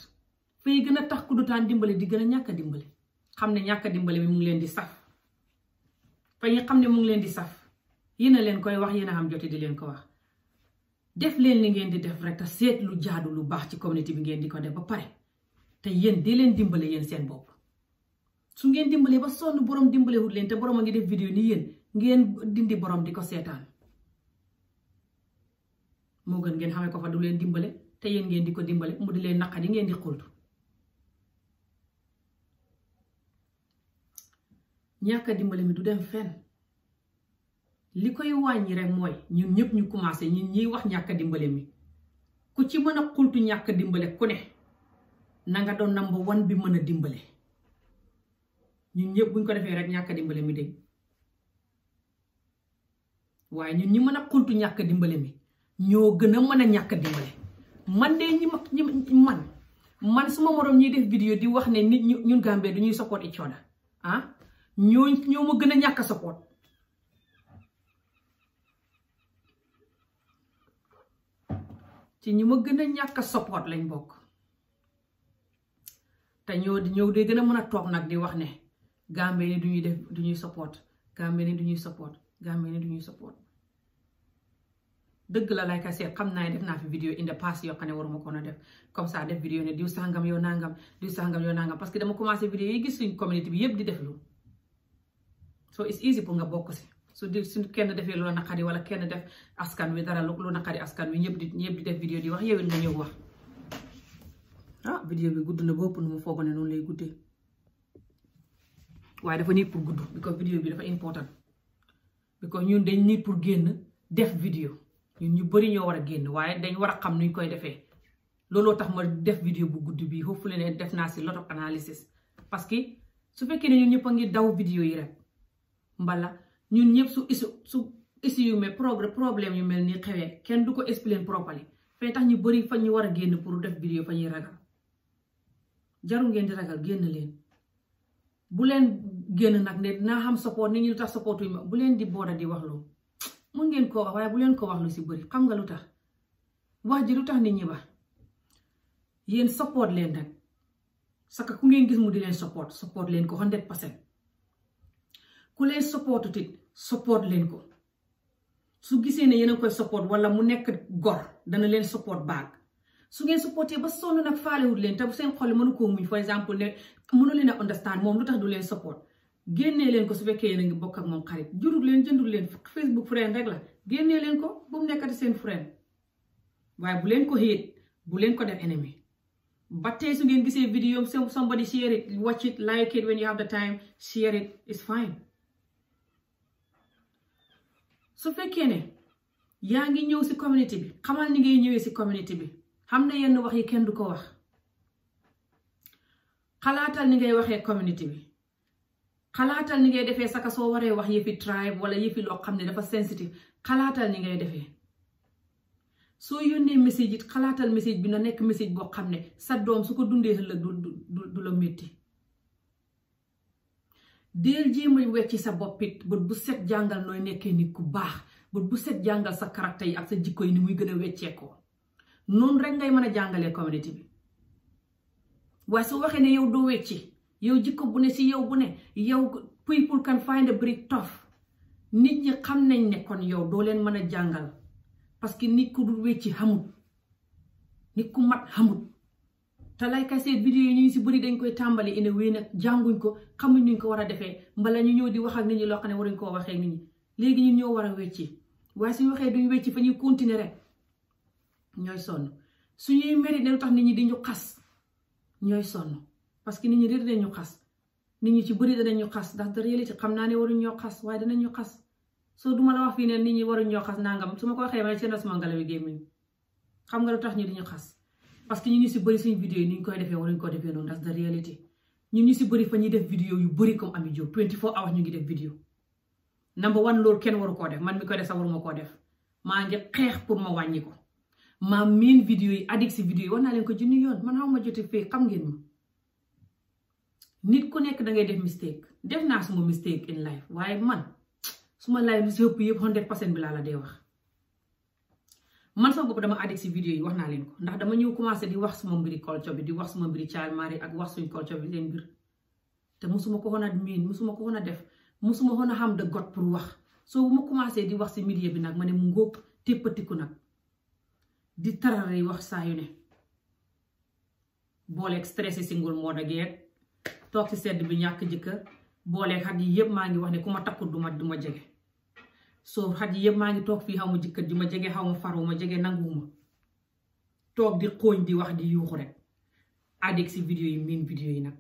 fay gën a tax ku du dutaan dimbale di gën a ñàkk dimbali xam ne ñàkk a dimbale mu ngi leen di saf fay xam ne mu ngi leen di saf yéen a leen koy wax yéen a am jote di leen ko wax def leen li ngeen di def rek te seet lu jaadu lu baax ci communauté bi ngeen di ko def ba pare te yéen di leen dimbali yéen seen bopp. su ngeen dimbalee ba sonn borom dimbalewut leen te borom a ngi def vidéo ni yéen ngeen dindi borom di ko seetaan moo gën ngeen xamee ko fa du leen dimbale te yéen ngeen di ko dimbale mu di leen di ngeen di xultu ñàkk dimbale mi du dem fenn li koy wàññi rek mooy ñun ñëpp ñu commencé ñun ñiy wax ñàkk dimbale mi ku ci mën a xultu ñàkk dimbale ku ne na nga doon number one bi mën a dimbale ñun ñëpp buñ ko defee rek ñàkk dimbale mi dañ waaye ñun ñi mën a xultu ñàkk dimbale mi ñoo gën a mën a ñàkk dimbale man de ñi ma ñi man man suma moroom ñuy def vidéo di wax ne nit ñu ñun Gambie du ñuy support i other ah ñoo ñoo ma gën a ñàkk support ci ñi ma gën a ñàkk support lañ bokk te ñoo ñoo de gën a mën a toog nag di wax ne Gambie ni duñuy def duñuy support Gambie du ñuy support Gambie ni duñuy support dëgg la like I said xam naa def naa fi vidéo in the past ne war ne waruma ko na def comme ça def vidéo diw sàngam yoo nangam diw sàngam yoo nangam parce que dama commencé vidéo yi gis suñ communauté bi yëpp di def loolu soo it's easy pour nga bokk si su di su kenn defee lu la naqari wala kenn def askan wi dara lu naqari askan wi ñëpp di ñëpp di def vidéo di wax yewin nga ñëw wax ah vidéo bi gudd na bopp nu mu foog ne noonu lay guddee waaye dafa need pour gudd because vidéo bi dafa important because ñun dañ need pour génn def vidéo ñun ñu bëri ñoo war a génn waaye dañ war a xam nuñ koy defee looloo tax ma def vidéo bu gudd bii hopefully ne def naa si lot of analysis parce que su fekkee ne ñun ñëpp a ngi daw vidéo yi rek mbala ñun ñëpp su isu su isu yu mel problème yu mel ni xewee kenn du ko explain properly fee tax ñu bëri fa ñu war a génn pour def vidéo fa ñuy ragal jaru ngeen di ragal génn leen génn nag ne naa xam support ni ñi lu tax support ma bu leen di booda di wax lu mu ngeen koo wax waaye bu leen ko wax lu si bëri xam nga lu tax wax ji lu tax ni ñi ba yéen support leen nag saka ku ngeen gis mu di leen support support leen ko 100% ku leen support tit support leen ko su gisee ne yéen a koy support wala mu nekk gor dana leen support baag su ngeen supporté ba sonn nag faalewut leen te bu seen xol mënu koo muñ for exemple ne mënu leen understand moom lu tax du leen support génnee leen ko su fekkee yéen ngi bokk ak moom xarit jurul leen jëndul leen Facebook friend rek la génnee leen ko bu mu nekkati seen friend waaye bu leen ko hate bu leen ko def ennemi ba tey su ngeen gisee vidéo somebody share it watch it like it when you have the time share it it's su fekkee ne yaa ngi ñëw si community bi xamal ni ngay ñëwee si community bi xam na yenn wax yi kenn du ko wax xalaatal ni ngay waxee community bi xalaatal ni ngay defee saka soo waree wax yëfi tribe wala yëfi loo xam ne dafa sensitive xalaatal ni ngay defee soo yónnee message it xalaatal message bi na nekk message boo xam ne sa doom su ko dundee la du du du la métti deel jéem a wecci sa bopp bët bu set jàngal nooy nekkee nit ku baax bët bu set jàngal sa caractère yi ak sa jikko yi ni muy gën a wecceekoo noonu rek ngay mën a jàngalee communauté bi waaye su waxee ne yow doo wecci yow jikko bu ne si yow bu ne yow people can find a brick tough nit ñi xam nañ ne kon yow doo leen mën a jàngal parce que nit ku dul wecci xamut nit ku mat xamut te lay kaseet vidéo yi ñu si bëri dañ koy tàmbali ina wéy nag jànguñ ko xamuñ nuñ ko war a defee mbala ñu ñëw di wax ak nit ñi loo xam ne waruñ koo waxee nit ñi léegi ñu ñëw war a wecci waaye suñu waxee duñ wecci fa ñuy continuer rek ñooy sonn suñuy mérite ne lu tax nit ñi di ñu xas ñooy sonn parce que nit ñi réer dañu xas nit ñi ci xas ndax de xam naa ne waruñ ñoo xas waaye danañu xas soo duma la wax fii ne nit ñi waruñ ñoo xas su ma ko waxee ma ne seen asma nga lu tax ñu diñu xas parce que ñu ngi si bëri suñu vidéo yi ni ñu koy defee waruñ ko defee noonu ndax de ñu si fa ñuy def vidéo yu bëri comme Ami Jobe 24 hours ñu loolu kenn waru koo def man mi koy def sax waruma koo def maa ngi xeex pour ma wàññi ko ma miin vidéo yi addict si vidéo yi wax naa leen ko junni yoon man xaw ma jote fee xam ngeen mi nit ku nekk dangay def mistake def naa suma mistake in life waaye man suma life lu si ëpp yëpp hundred percent bi laa la dee wax man sama bopp dama addict si vidéo yi wax naa leen ko ndax dama ñëw commencé di wax suma mbiri culture bi di wax suma mbiri child marriage ak wax suñ culture bi seen mbir te mësuma ko xoon a miin ko xoon a def musuma xoon a xam de got pour wax soo bu ma commencé di wax si media bi nag ma ne mu ngóob téppatiku nag di tarare wax saa yu ne booleeg stressé si ngul moo dageeg toog ci sedd bi ñàkk jëkkër boolee xat yi yëpp maa ngi wax ne ku ma takkul du ma du ma jege soo xat yi yëpp maa ngi toog fii xaw ma jëkkër ju ma jege xaw ma faru ma jege nanguwuma toog di xooñ di wax di yuuxu rek addict si vidéo yi miin vidéo yi nag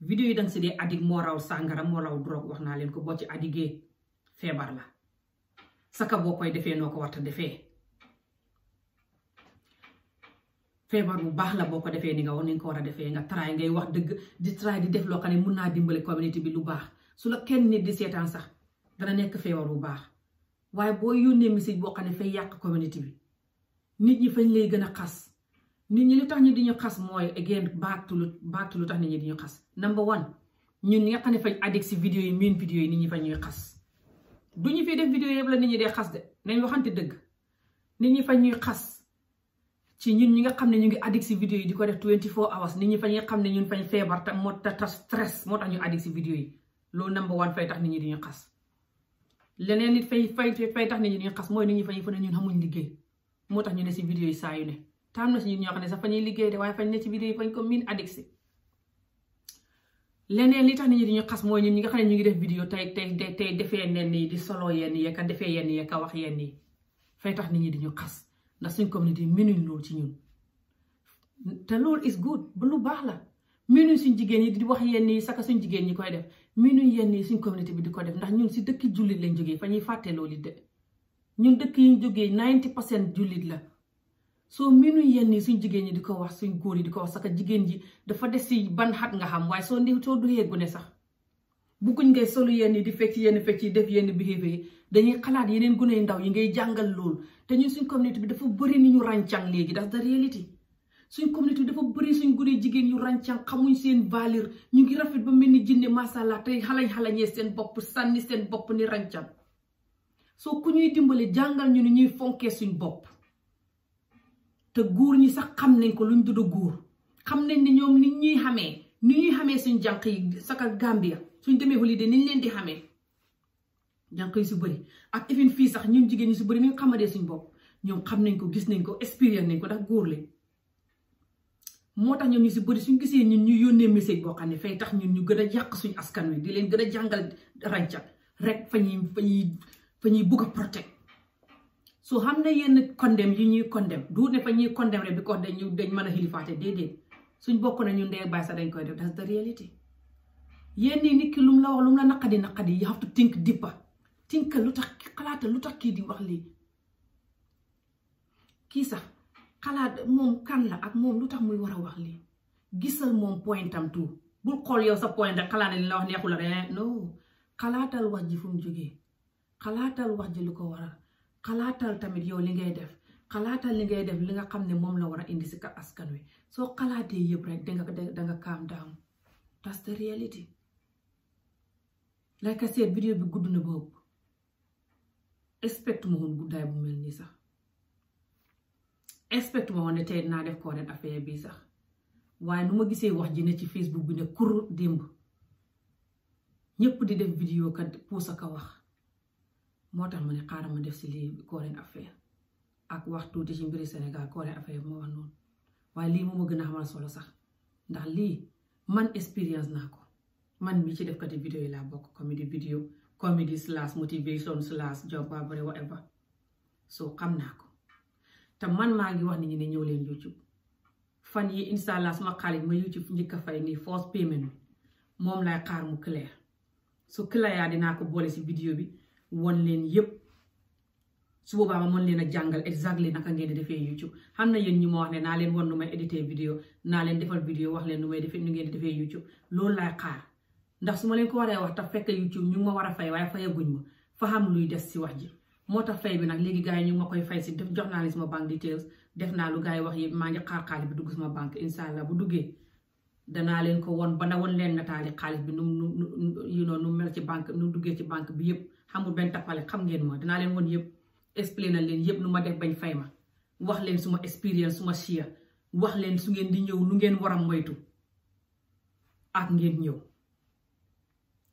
vidéo yi danga si dee addict moo raw sàngara moo raw drogue wax naa leen ko boo ci addictee feebar la saka boo koy defee noo ko warta defee feebar bu baax la boo ko defee ni nga war ni nga ko war a defee nga try ngay wax dëgg di try di def loo xam ne mun naa dimbale community bi lu baax su la kenn nit di seetaan sax dana nekk feebar bu baax waaye boo yónnee message boo xam ne fay yàq community bi nit ñi fañ lay gën a xas nit ñi lu tax ñu xas mooy again back to lu tax nit ñi di ñu xas number one ñun nga xam ne fañ addict si vidéo yi miin fañ ñuy xas du ñu fiy def vidéo yëpp la nit ñi dee xas de nañ waxante dëgg nit ñi fañ ñuy xas ci ñun ñi nga xam ne ñu ngi addict si vidéo yi di ko def 24 hours nit ñi fa nga xam ne ñun fañ feebar ta moo ta stress moo tax ñu addict si vidéo yi tax nit ñi di ñu xas leneen nit fay fay fay tax nit ñi di ñu xas mooy nit ñi fañ fa ne ñun xamuñ liggéey moo tax ñu ne si vidéo yi saa yu ne am na si ñun ñoo xam liggéey de waaye fañ ne si vidéo yi fañ ko miin si leneen li tax nit ñi di xas mooy ñun ñi nga xam ne ñu ngi def vidéo tey tey tey defee yenn yi di solo yenn yi ka defee yen yi ka wax yenn yi fay tax nit ñi di ñu xas ndax suñ communauté mënuñ loolu ci ñun te loolu is good ba lu baax la mënuñ suñ jigéen ñi di wax yenn yi saka suñ jigéen ñi koy def miinuñ yenn yi suñ communauté bi di ko def ndax ñun si dëkki jullit lañ jógee fa ñuy fàtte loolu de ñun dëkk yi jógee 90 pour cent jullit la soo mënuñ yenn yi suñ jigéen ñi di ko wax suñ góor yi di ko wax saka jigéen ji dafa des si ban xat nga xam waaye soo ndi soo doyee ne sax bugguñ ngay solu yenn yi di fecc yenn fecc yi def yenn behavior dañuy xalaat yeneen gune yu ndaw yi ngay jàngal loolu te ñu suñ communauté bi dafa bëri ni ñu ràncang léegi das da réalité suñ communauté bi dafa bëri suñ gune jigéen yu ràncang xamuñ seen valeur ñu ngi rafet ba mel ni jinne masala tey xalañ xalañee seen bopp sànni seen bopp ni ràncang soo ku ñuy dimbale jàngal ñu ni ñuy fonkee suñ bopp te góor ñi sax xam nañ ko luñ dudd góor xam nañ ni ñoom ni ñuy xamee ni ñuy xamee suñ jànq yi saka Gambia suñ demee holiday niñ leen di xamee jànq yi su bëri ak even fii sax ñu jigéen ñi su bëri ni nga xamadee suñu bopp ñoom xam nañ ko gis nañ ko expérience nañ ko ndax góor lañ moo tax ñoom ñu si bëri suñ gisee ñun ñu yónnee message boo xam ne fay tax ñun ñu gën a yàq suñu askan wi di leen gën a jàngal ràncat rek fa ñuy fa ñuy ñuy bugg a protect soo xam ne yenn condem yi ñuy condem du ne fa ñuy condem rek bi ko dañu dañ mën a xilifaate déedéet suñ bokk na ñu ndey bàyyi sax dañ koy def that's the reality yéen nit ki lu mu la wax lu mu la naqadi naqadi you tinkal lu tax xalaatal kii di wax lii kii sax xalaat moom kan la ak moom lu tax muy war a wax lii gisal moom pointam tout bul xool yow sa point rek xalaat li la wax neexul rek xalaatal wax ji fu jógee xalaatal wax ji lu ko waral xalaatal tamit yow li ngay def xalaatal li ngay def li nga xam ne moom la war a indi si ka askan wi soo xalaatee yëpp rek danga danga calm down that's the reality like I said vidéo bi gudd na boobu expecte ma woon guddaay bu mel nii sax expecte ma woon ne tey dinaa def koo affaire bii sax waaye nu ma gisee wax ji ne ci facebook bi ne kur démb ñëpp di def vidéo kat puus ak wax moo tax ma ne xaaral ma def si lii koo affaire ak wax tuuti ci mbiri Sénégal koo ren affaire ma wax noonu waaye lii moom ma gën a xamal solo sax ndax lii man expérience naa ko man mi ci def kati vidéo yi laa bokk comédie vidéo comedy slash motivation slash job whatever whatever so xam naa ko te man maa ngi wax nit ñi ne ñëw leen YouTube fan yi incha allah suma xaalis ma YouTube njëkk fay nii first payment moom lay xaar mu clair su clair yaa dinaa ko boole si vidéo bi won leen yëpp su boobaa ma mën leen a jàngal exactly naka ngeen di defee YouTube xam na yéen ñi ma wax ne naa leen won nu may édité vidéo naa leen defal vidéo wax leen nu may defee nu ngeen di defee ndax su ma leen ko waree wax te fekk YouTube ñu ngi ma war a fay waaye fayaguñ ma fa luy des si wax ji moo tax fay bi nag léegi gars yi ñu ma koy fay si jox naa sama banque details def naa lu yi wax yëpp maa ngi xaar xaalis bi dugg sama banque incha allah duggee danaa leen ko won ba na won leen nataali xaalis bi nu mu nu nu mel ci banque nu duggee ci banque bi yëpp xamul benn tappale xam ngeen ma danaa leen won yëpp expliqué na leen yëpp nu ma def bañ fay ma wax leen ma expérience suma chia wax leen su ngeen di ñëw lu ngeen war a moytu ak ngeen ñëw.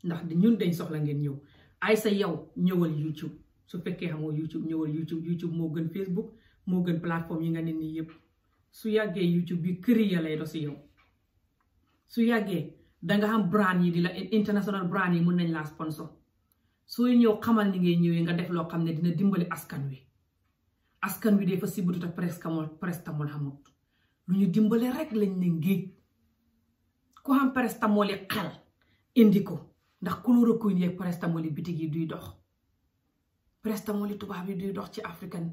ndax ñun dañ soxla ngeen ñëw ay sa yow ñëwal YouTube su fekkee xamoo YouTube ñëwal YouTube YouTube moo gën Facebook moo gën plateforme yi nga ne nii yëpp su yàggee YouTube bi kër ya lay do si yow su yàggee danga xam brand yi di la international brand yi mën nañ laa sponsor sooy ñëw xamal ni ngay ñëwee nga def loo xam ne dina dimbali askan wi askan wi dafa si bututa presque amul presque amul xamut lu ñu dimbale rek lañ ne ngéej ku xam presque amul xel ko. ndax chloroquine yeeg paracetamol yi bitig yi duy dox paracetamol yi tubaab yi duy dox ci african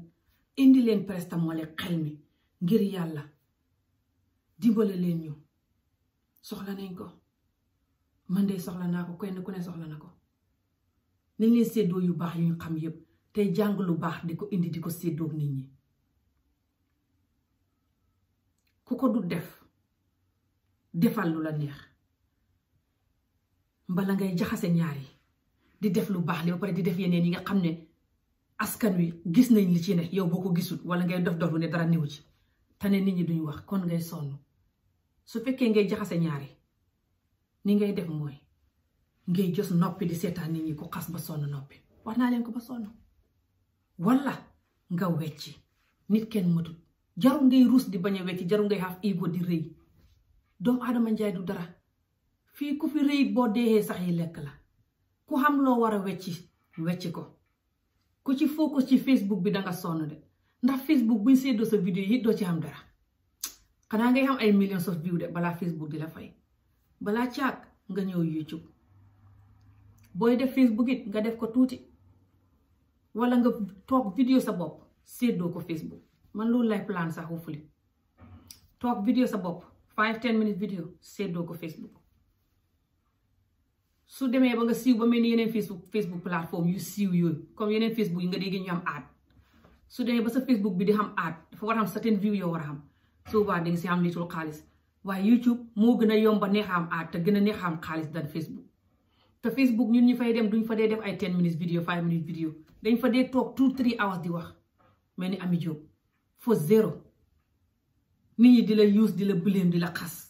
indi leen paracetamol yi xel mi ngir yàlla dimbale leen ñu soxla nañ ko mën de soxla naa ko kenn ku ne soxla na ko nañ leen seddoo yu baax yu ñu xam yépp tey jàng lu baax di ko indi di ko séddoo nit ñi ku ko du def defal lu la neex mbala ngay jaxase ñaar yi di def lu baax li ba pare di def yeneen yi nga xam ne askan wi gis nañ li ci ne yow boo ko gisul wala ngay dof dof lu ne dara ci te nit ñi duñu wax kon ngay sonn su fekkee ngay jaxase ñaar yi ni ngay def mooy ngay jos noppi di seetaan nit ñi ku xas ba sonn noppi wax naa leen ko ba sonn wala nga wecci nit kenn mëtul jaru ngay ruus di bañ a wecci jaru ngay xaf ego di rëy doomu aadama njaay du dara fii ku fi rëy boo deexee sax yi lekk la ku xam loo war a wecci wecci ko ku ci focus ci facebook bi danga sonn de ndax facebook buñ seddoo sa vidéo yit doo ci xam dara xanaa ngay xam ay millions of view de balaa facebook di la fay balaa caag nga ñëw youtube booy def facebook it nga def ko tuuti wala nga toog vidéo sa bopp seddoo ko facebook man loolu lay plan sax hopefully toog vidéo sa bopp five ten minutes vidéo seddoo ko facebook su demee ba nga siiw ba mel yeneen facebook facebook plateforme yu siiw yooyu comme yeneen facebook yi nga dégg ñu am aat su demee ba sa facebook bi di xam aat dafa war a am certain view yoo war a xam soo baa di nga si am liitul xaalis waaye youtube moo gën a yomba neex a am aat te gën a neex a am xaalis dan facebook te facebook ñun ñu fay dem duñ fa dee def ay ten minutes vidéo five minutes vidéo dañ fa dee toog two three hours di wax mel ni ami Jobe fo zéro nit di la use di la blame di la xas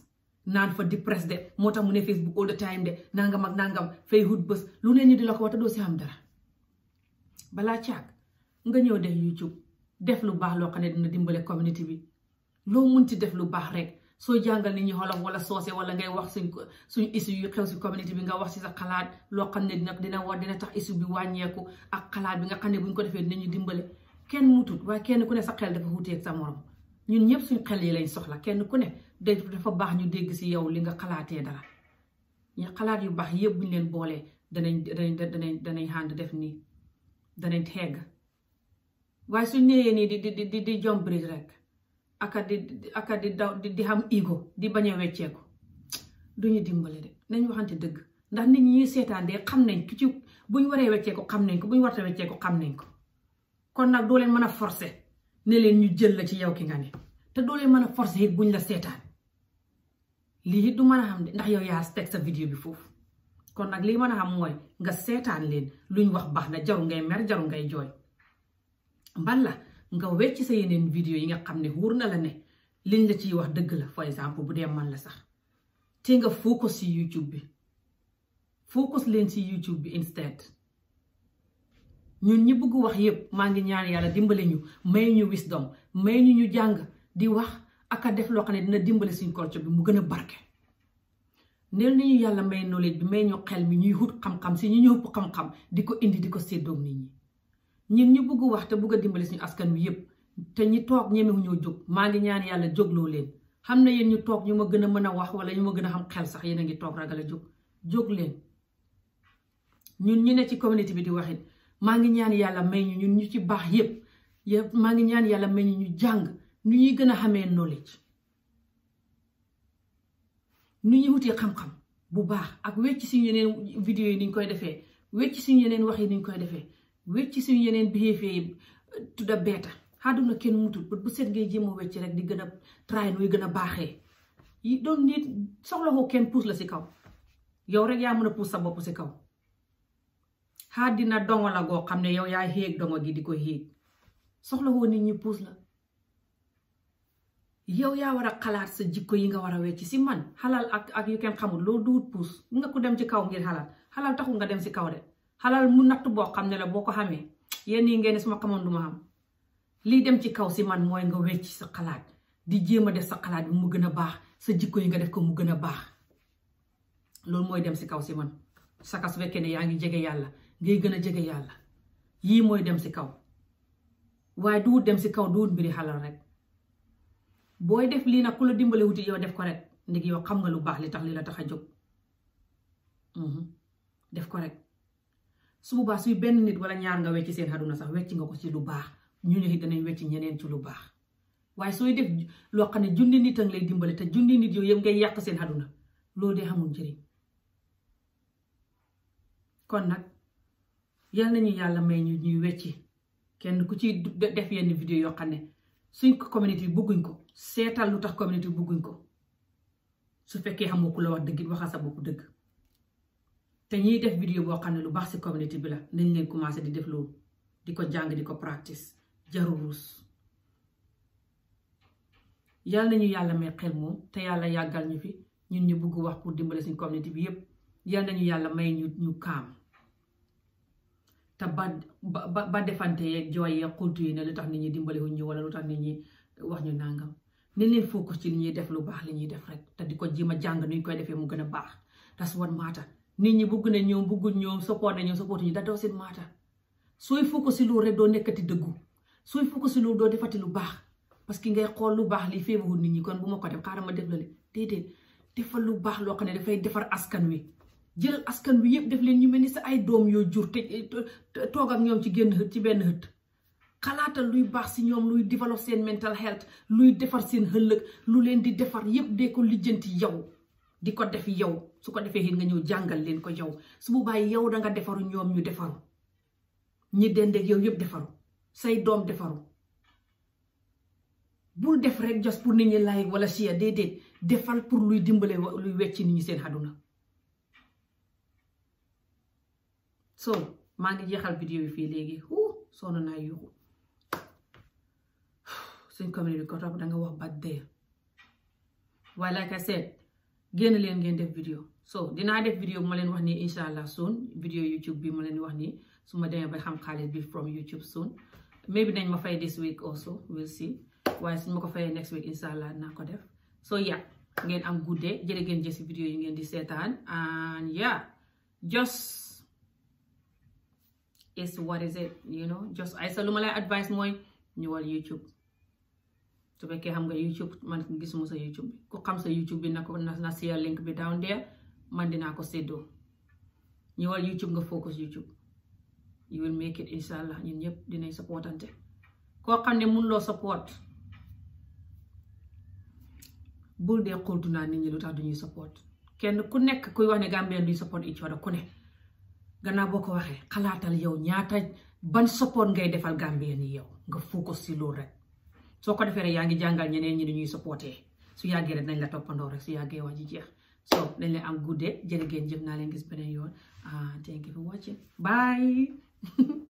naan fa di presse de moo tax mu ne Facebook all the time de nangam ak nangam fay hut bës lu ne nii di la ko wax te doo si am dara balaa caag nga ñëw def YouTube def lu baax loo xam ne dina dimbale community bi loo munti def lu baax rek soo jàngal nit ñi wala soose wala ngay wax suñ suñ issue yu xew si community bi nga wax si sa xalaat loo xam ne dina dina war dina tax issue bi wàññeeku ak kalaat bi nga xam ne buñ ko defee dinañu dimbale kenn mutut waaye kenn ku ne sa xel dafa wuteeg sa morom ñun ñëpp suñ xel yi lañ soxla kenn ku ne. de dafa baax ñu dégg si yow li nga xalaatee dara ñu xalaat yu baax yëpp bu ñu leen boolee danañ danañ danañ ànd def nii danañ xeeg waaye suñ ñëwee nii di di di di jombri rek aka di aka di daw di xam ego di bañ a wecceeku du ñu dimbale de nañ waxante dëgg ndax nit ñi seetaan de xam nañ ku ci buñ waree wecceeku xam nañ ko buñ warta wecceeku xam nañ ko kon nag doo leen mën a forcer ne leen ñu jël la ci yow ki nga ne te doo leen mën a forcer it buñ la seetaan. lii du mën a xam de ndax yow yaa teg sa vidéo bi foofu kon nag lii mën a xam mooy nga seetaan leen luñ wax baax na jaru ngay mer jaru ngay jooy mbala nga wecc sa yeneen vidéo yi nga xam ne wóor na la ne liñ la ci wax dëgg la for exemple bu dee man la sax te nga focus si YouTube bi focus leen si YouTube bi instead ñun ñi bëgg wax yépp maa ngi ñaar yàlla dimbale ñu may ñu wisdom may ñu ñu jàng di wax aka def loo xam ne dina dimbale suñ culture bi mu gën a barke neel nañu yàlla may knowledge bi may ñu xel mi ñuy wut xam-xam si ñu ñëw xam-xam di ko indi di ko séddoog nit ñi ñun ñu bëgg wax te bëgg a dimbale suñu askan bi yëpp te ñi toog ñemewu ñoo jóg maa ngi ñaan yàlla jógloo leen xam na yéen ñu toog ñu ma gën a mën a wax wala ñu gën a xam xel sax yéen a ngi toog ragal a jóg jóg ñu ne ci communauté bi di wax maa ngi ñaan yàlla may ñu ñun ñu ci baax yëpp yëpp maa ngi ñaan yàlla may ñu ñu jàng nu ñuy gën a xamee knowledge nu ñuy wutee xam-xam bu baax ak wecc suñu yeneen vidéo yi niñ koy defee wecc si yeneen wax yi niñ koy defee wecc suñu yeneen bi yi tudda beeta àdduna kenn mutul bët bu set ngay jéem a wecc rek di gën a try nuy gën a baaxee yi doon nit soxla ko kenn puus la si kaw yow rek yaa mën a puus sa bopp si kaw xaar dina la goo xam ne yow yaa xéeg dongo gi di koy xéeg soxla woo nit ñi puus la yow yaa war a xalaat sa jikko yi nga war a wecc si man xalal ak ak yu kenn xamul loo duut puus nga ko dem ci kaw ngir xalal xalal taxul nga dem si kaw de xalal mu natt boo xam ne la boo ko xamee yéen yi ngeen ne su ma xamoon ma lii dem ci kaw si man mooy nga wecc sa xalaat di jéem a def sa xalaat bi mu gën a baax sa jikko yi nga def ko mu gën a baax loolu mooy dem si kaw si man saka su ne yaa ngi jege yàlla ngay gën a jege yàlla yii mooy dem si kaw waaye duut dem si kaw duut mbiri xalal rek. booy def lii nag ku la dimbale wuti yow def ko rek ndig yow xam nga lu baax li tax li la tax a jóg mhm. def ko rek su boobaa suy benn nit wala ñaar nga wecc seen adduna sax wecc nga ko ci lu baax ñu ne danañ wecc ñeneen ci lu baax waaye sooy def loo xam ne junni nit a ngi lay te junni nit yooyu yëpp ngay yàq seen àdduna loolu de amul njëriñ kon nag yal nañu yàlla may ñu ñuy wecci kenn ku ci def yenn vidéo yoo xam ne suñ ko communauté bëgguñ ko seetal lu tax communauté bëgguñ ko su fekkee xamoo ku la wax dëgg waxal sa bopp dëgg te ñiy def vidéo boo xam ne lu baax si communauté bi la nañ leen commencé di def di ko jàng ko practice jarul ruus yàlla nañu yàlla may xel moom te yàlla yàggal ñu fi ñun ñu bugg wax pour dimbale suñ communauté bi yëpp yàlla ñu yàlla may ñu ñu kaam te ba ba ba defante yeeg jooy ya xultu yi ne lu tax nit ñi dimbale wuñ ñu wala lu tax nit ñi wax ñu nàngam ne leen focus ci li ñuy def lu baax li ñuy def rek te di ko jii a jàng ni ñu koy defee mu gën a baax tas wan maata nit ñi bëgg na ñoom bëggul ñoom support na ñoom support ñu da daw seen maata sooy focus ci loolu rek doo nekkati dëggu sooy focus ci loolu doo defati lu baax parce que ngay xool lu baax li feebarul nit ñi kon bu ma ko def xaaral ma def la leen déedéet defal lu baax loo xam ne dafay defar askan wi jëlal askan wi yëpp def leen ñu mel ni sa ay doom yoo jur te toog ak ñoom ci génn hët ci benn hët xalaatal luy baax si ñoom luy développer seen mental luy defar seen ëllëg lu leen di defar yépp dee ko lijjanti yow di ko def yow su ko defee nga ñëw jàngal leen ko yow su boobaa yow da nga defaru ñoom ñu defaru ñi dendeeg yow yépp defaru say doom defaru bul def rek jos pour nit ñi laay wala chia déedéet defal pour luy dimbale luy wecci nit ñi seen àdduna so maa ngi jeexal vidéo yi fii léegi hu sonn naa yuuxu suñ communauté bi ko topp danga wax ba dee waaye like I said génn leen ngeen def vidéo so dinaa def vidéo bu ma leen wax nii incha allah soon vidéo YouTube bi ma leen wax ni su ma demee ba xam xaalis bi from YouTube soon maybe nañ ma fay this week also we'll waaye suñ ma ko fayee next week incha allah naa ko def so yeah ngeen am guddee jërë ngeen jëf si vidéo yi ngeen di seetaan and yeah just is what is it you know just ay sa lu ma lay advice mooy ñëwal YouTube su fekkee xam nga YouTube man gisuma sa YouTube bi xam sa YouTube bi na ko na share link bi down there man dinaa ko séddoo ñëwal YouTube nga focus YouTube you will make it incha allah ñun koo xam ne mun loo support bu dee xóotu naa nit ñi lu tax duñuy ñuy support kenn ku nekk kuy wax ne Gambien duñ support each other ku ne gannaaw boo ko waxee xalaatal yow ñaata ban support ngay defal Gambien yi yow nga focus si loolu rek. soo ko defee rek yaa ngi jàngal ñeneen ñi ñuy supporté su yàggee rek nañ la toppandoo rek su yàggee wax ji jeex so dañ leen am guddee jërë ngeen jëf naa leen gis beneen yoon ah, thank you for watching bye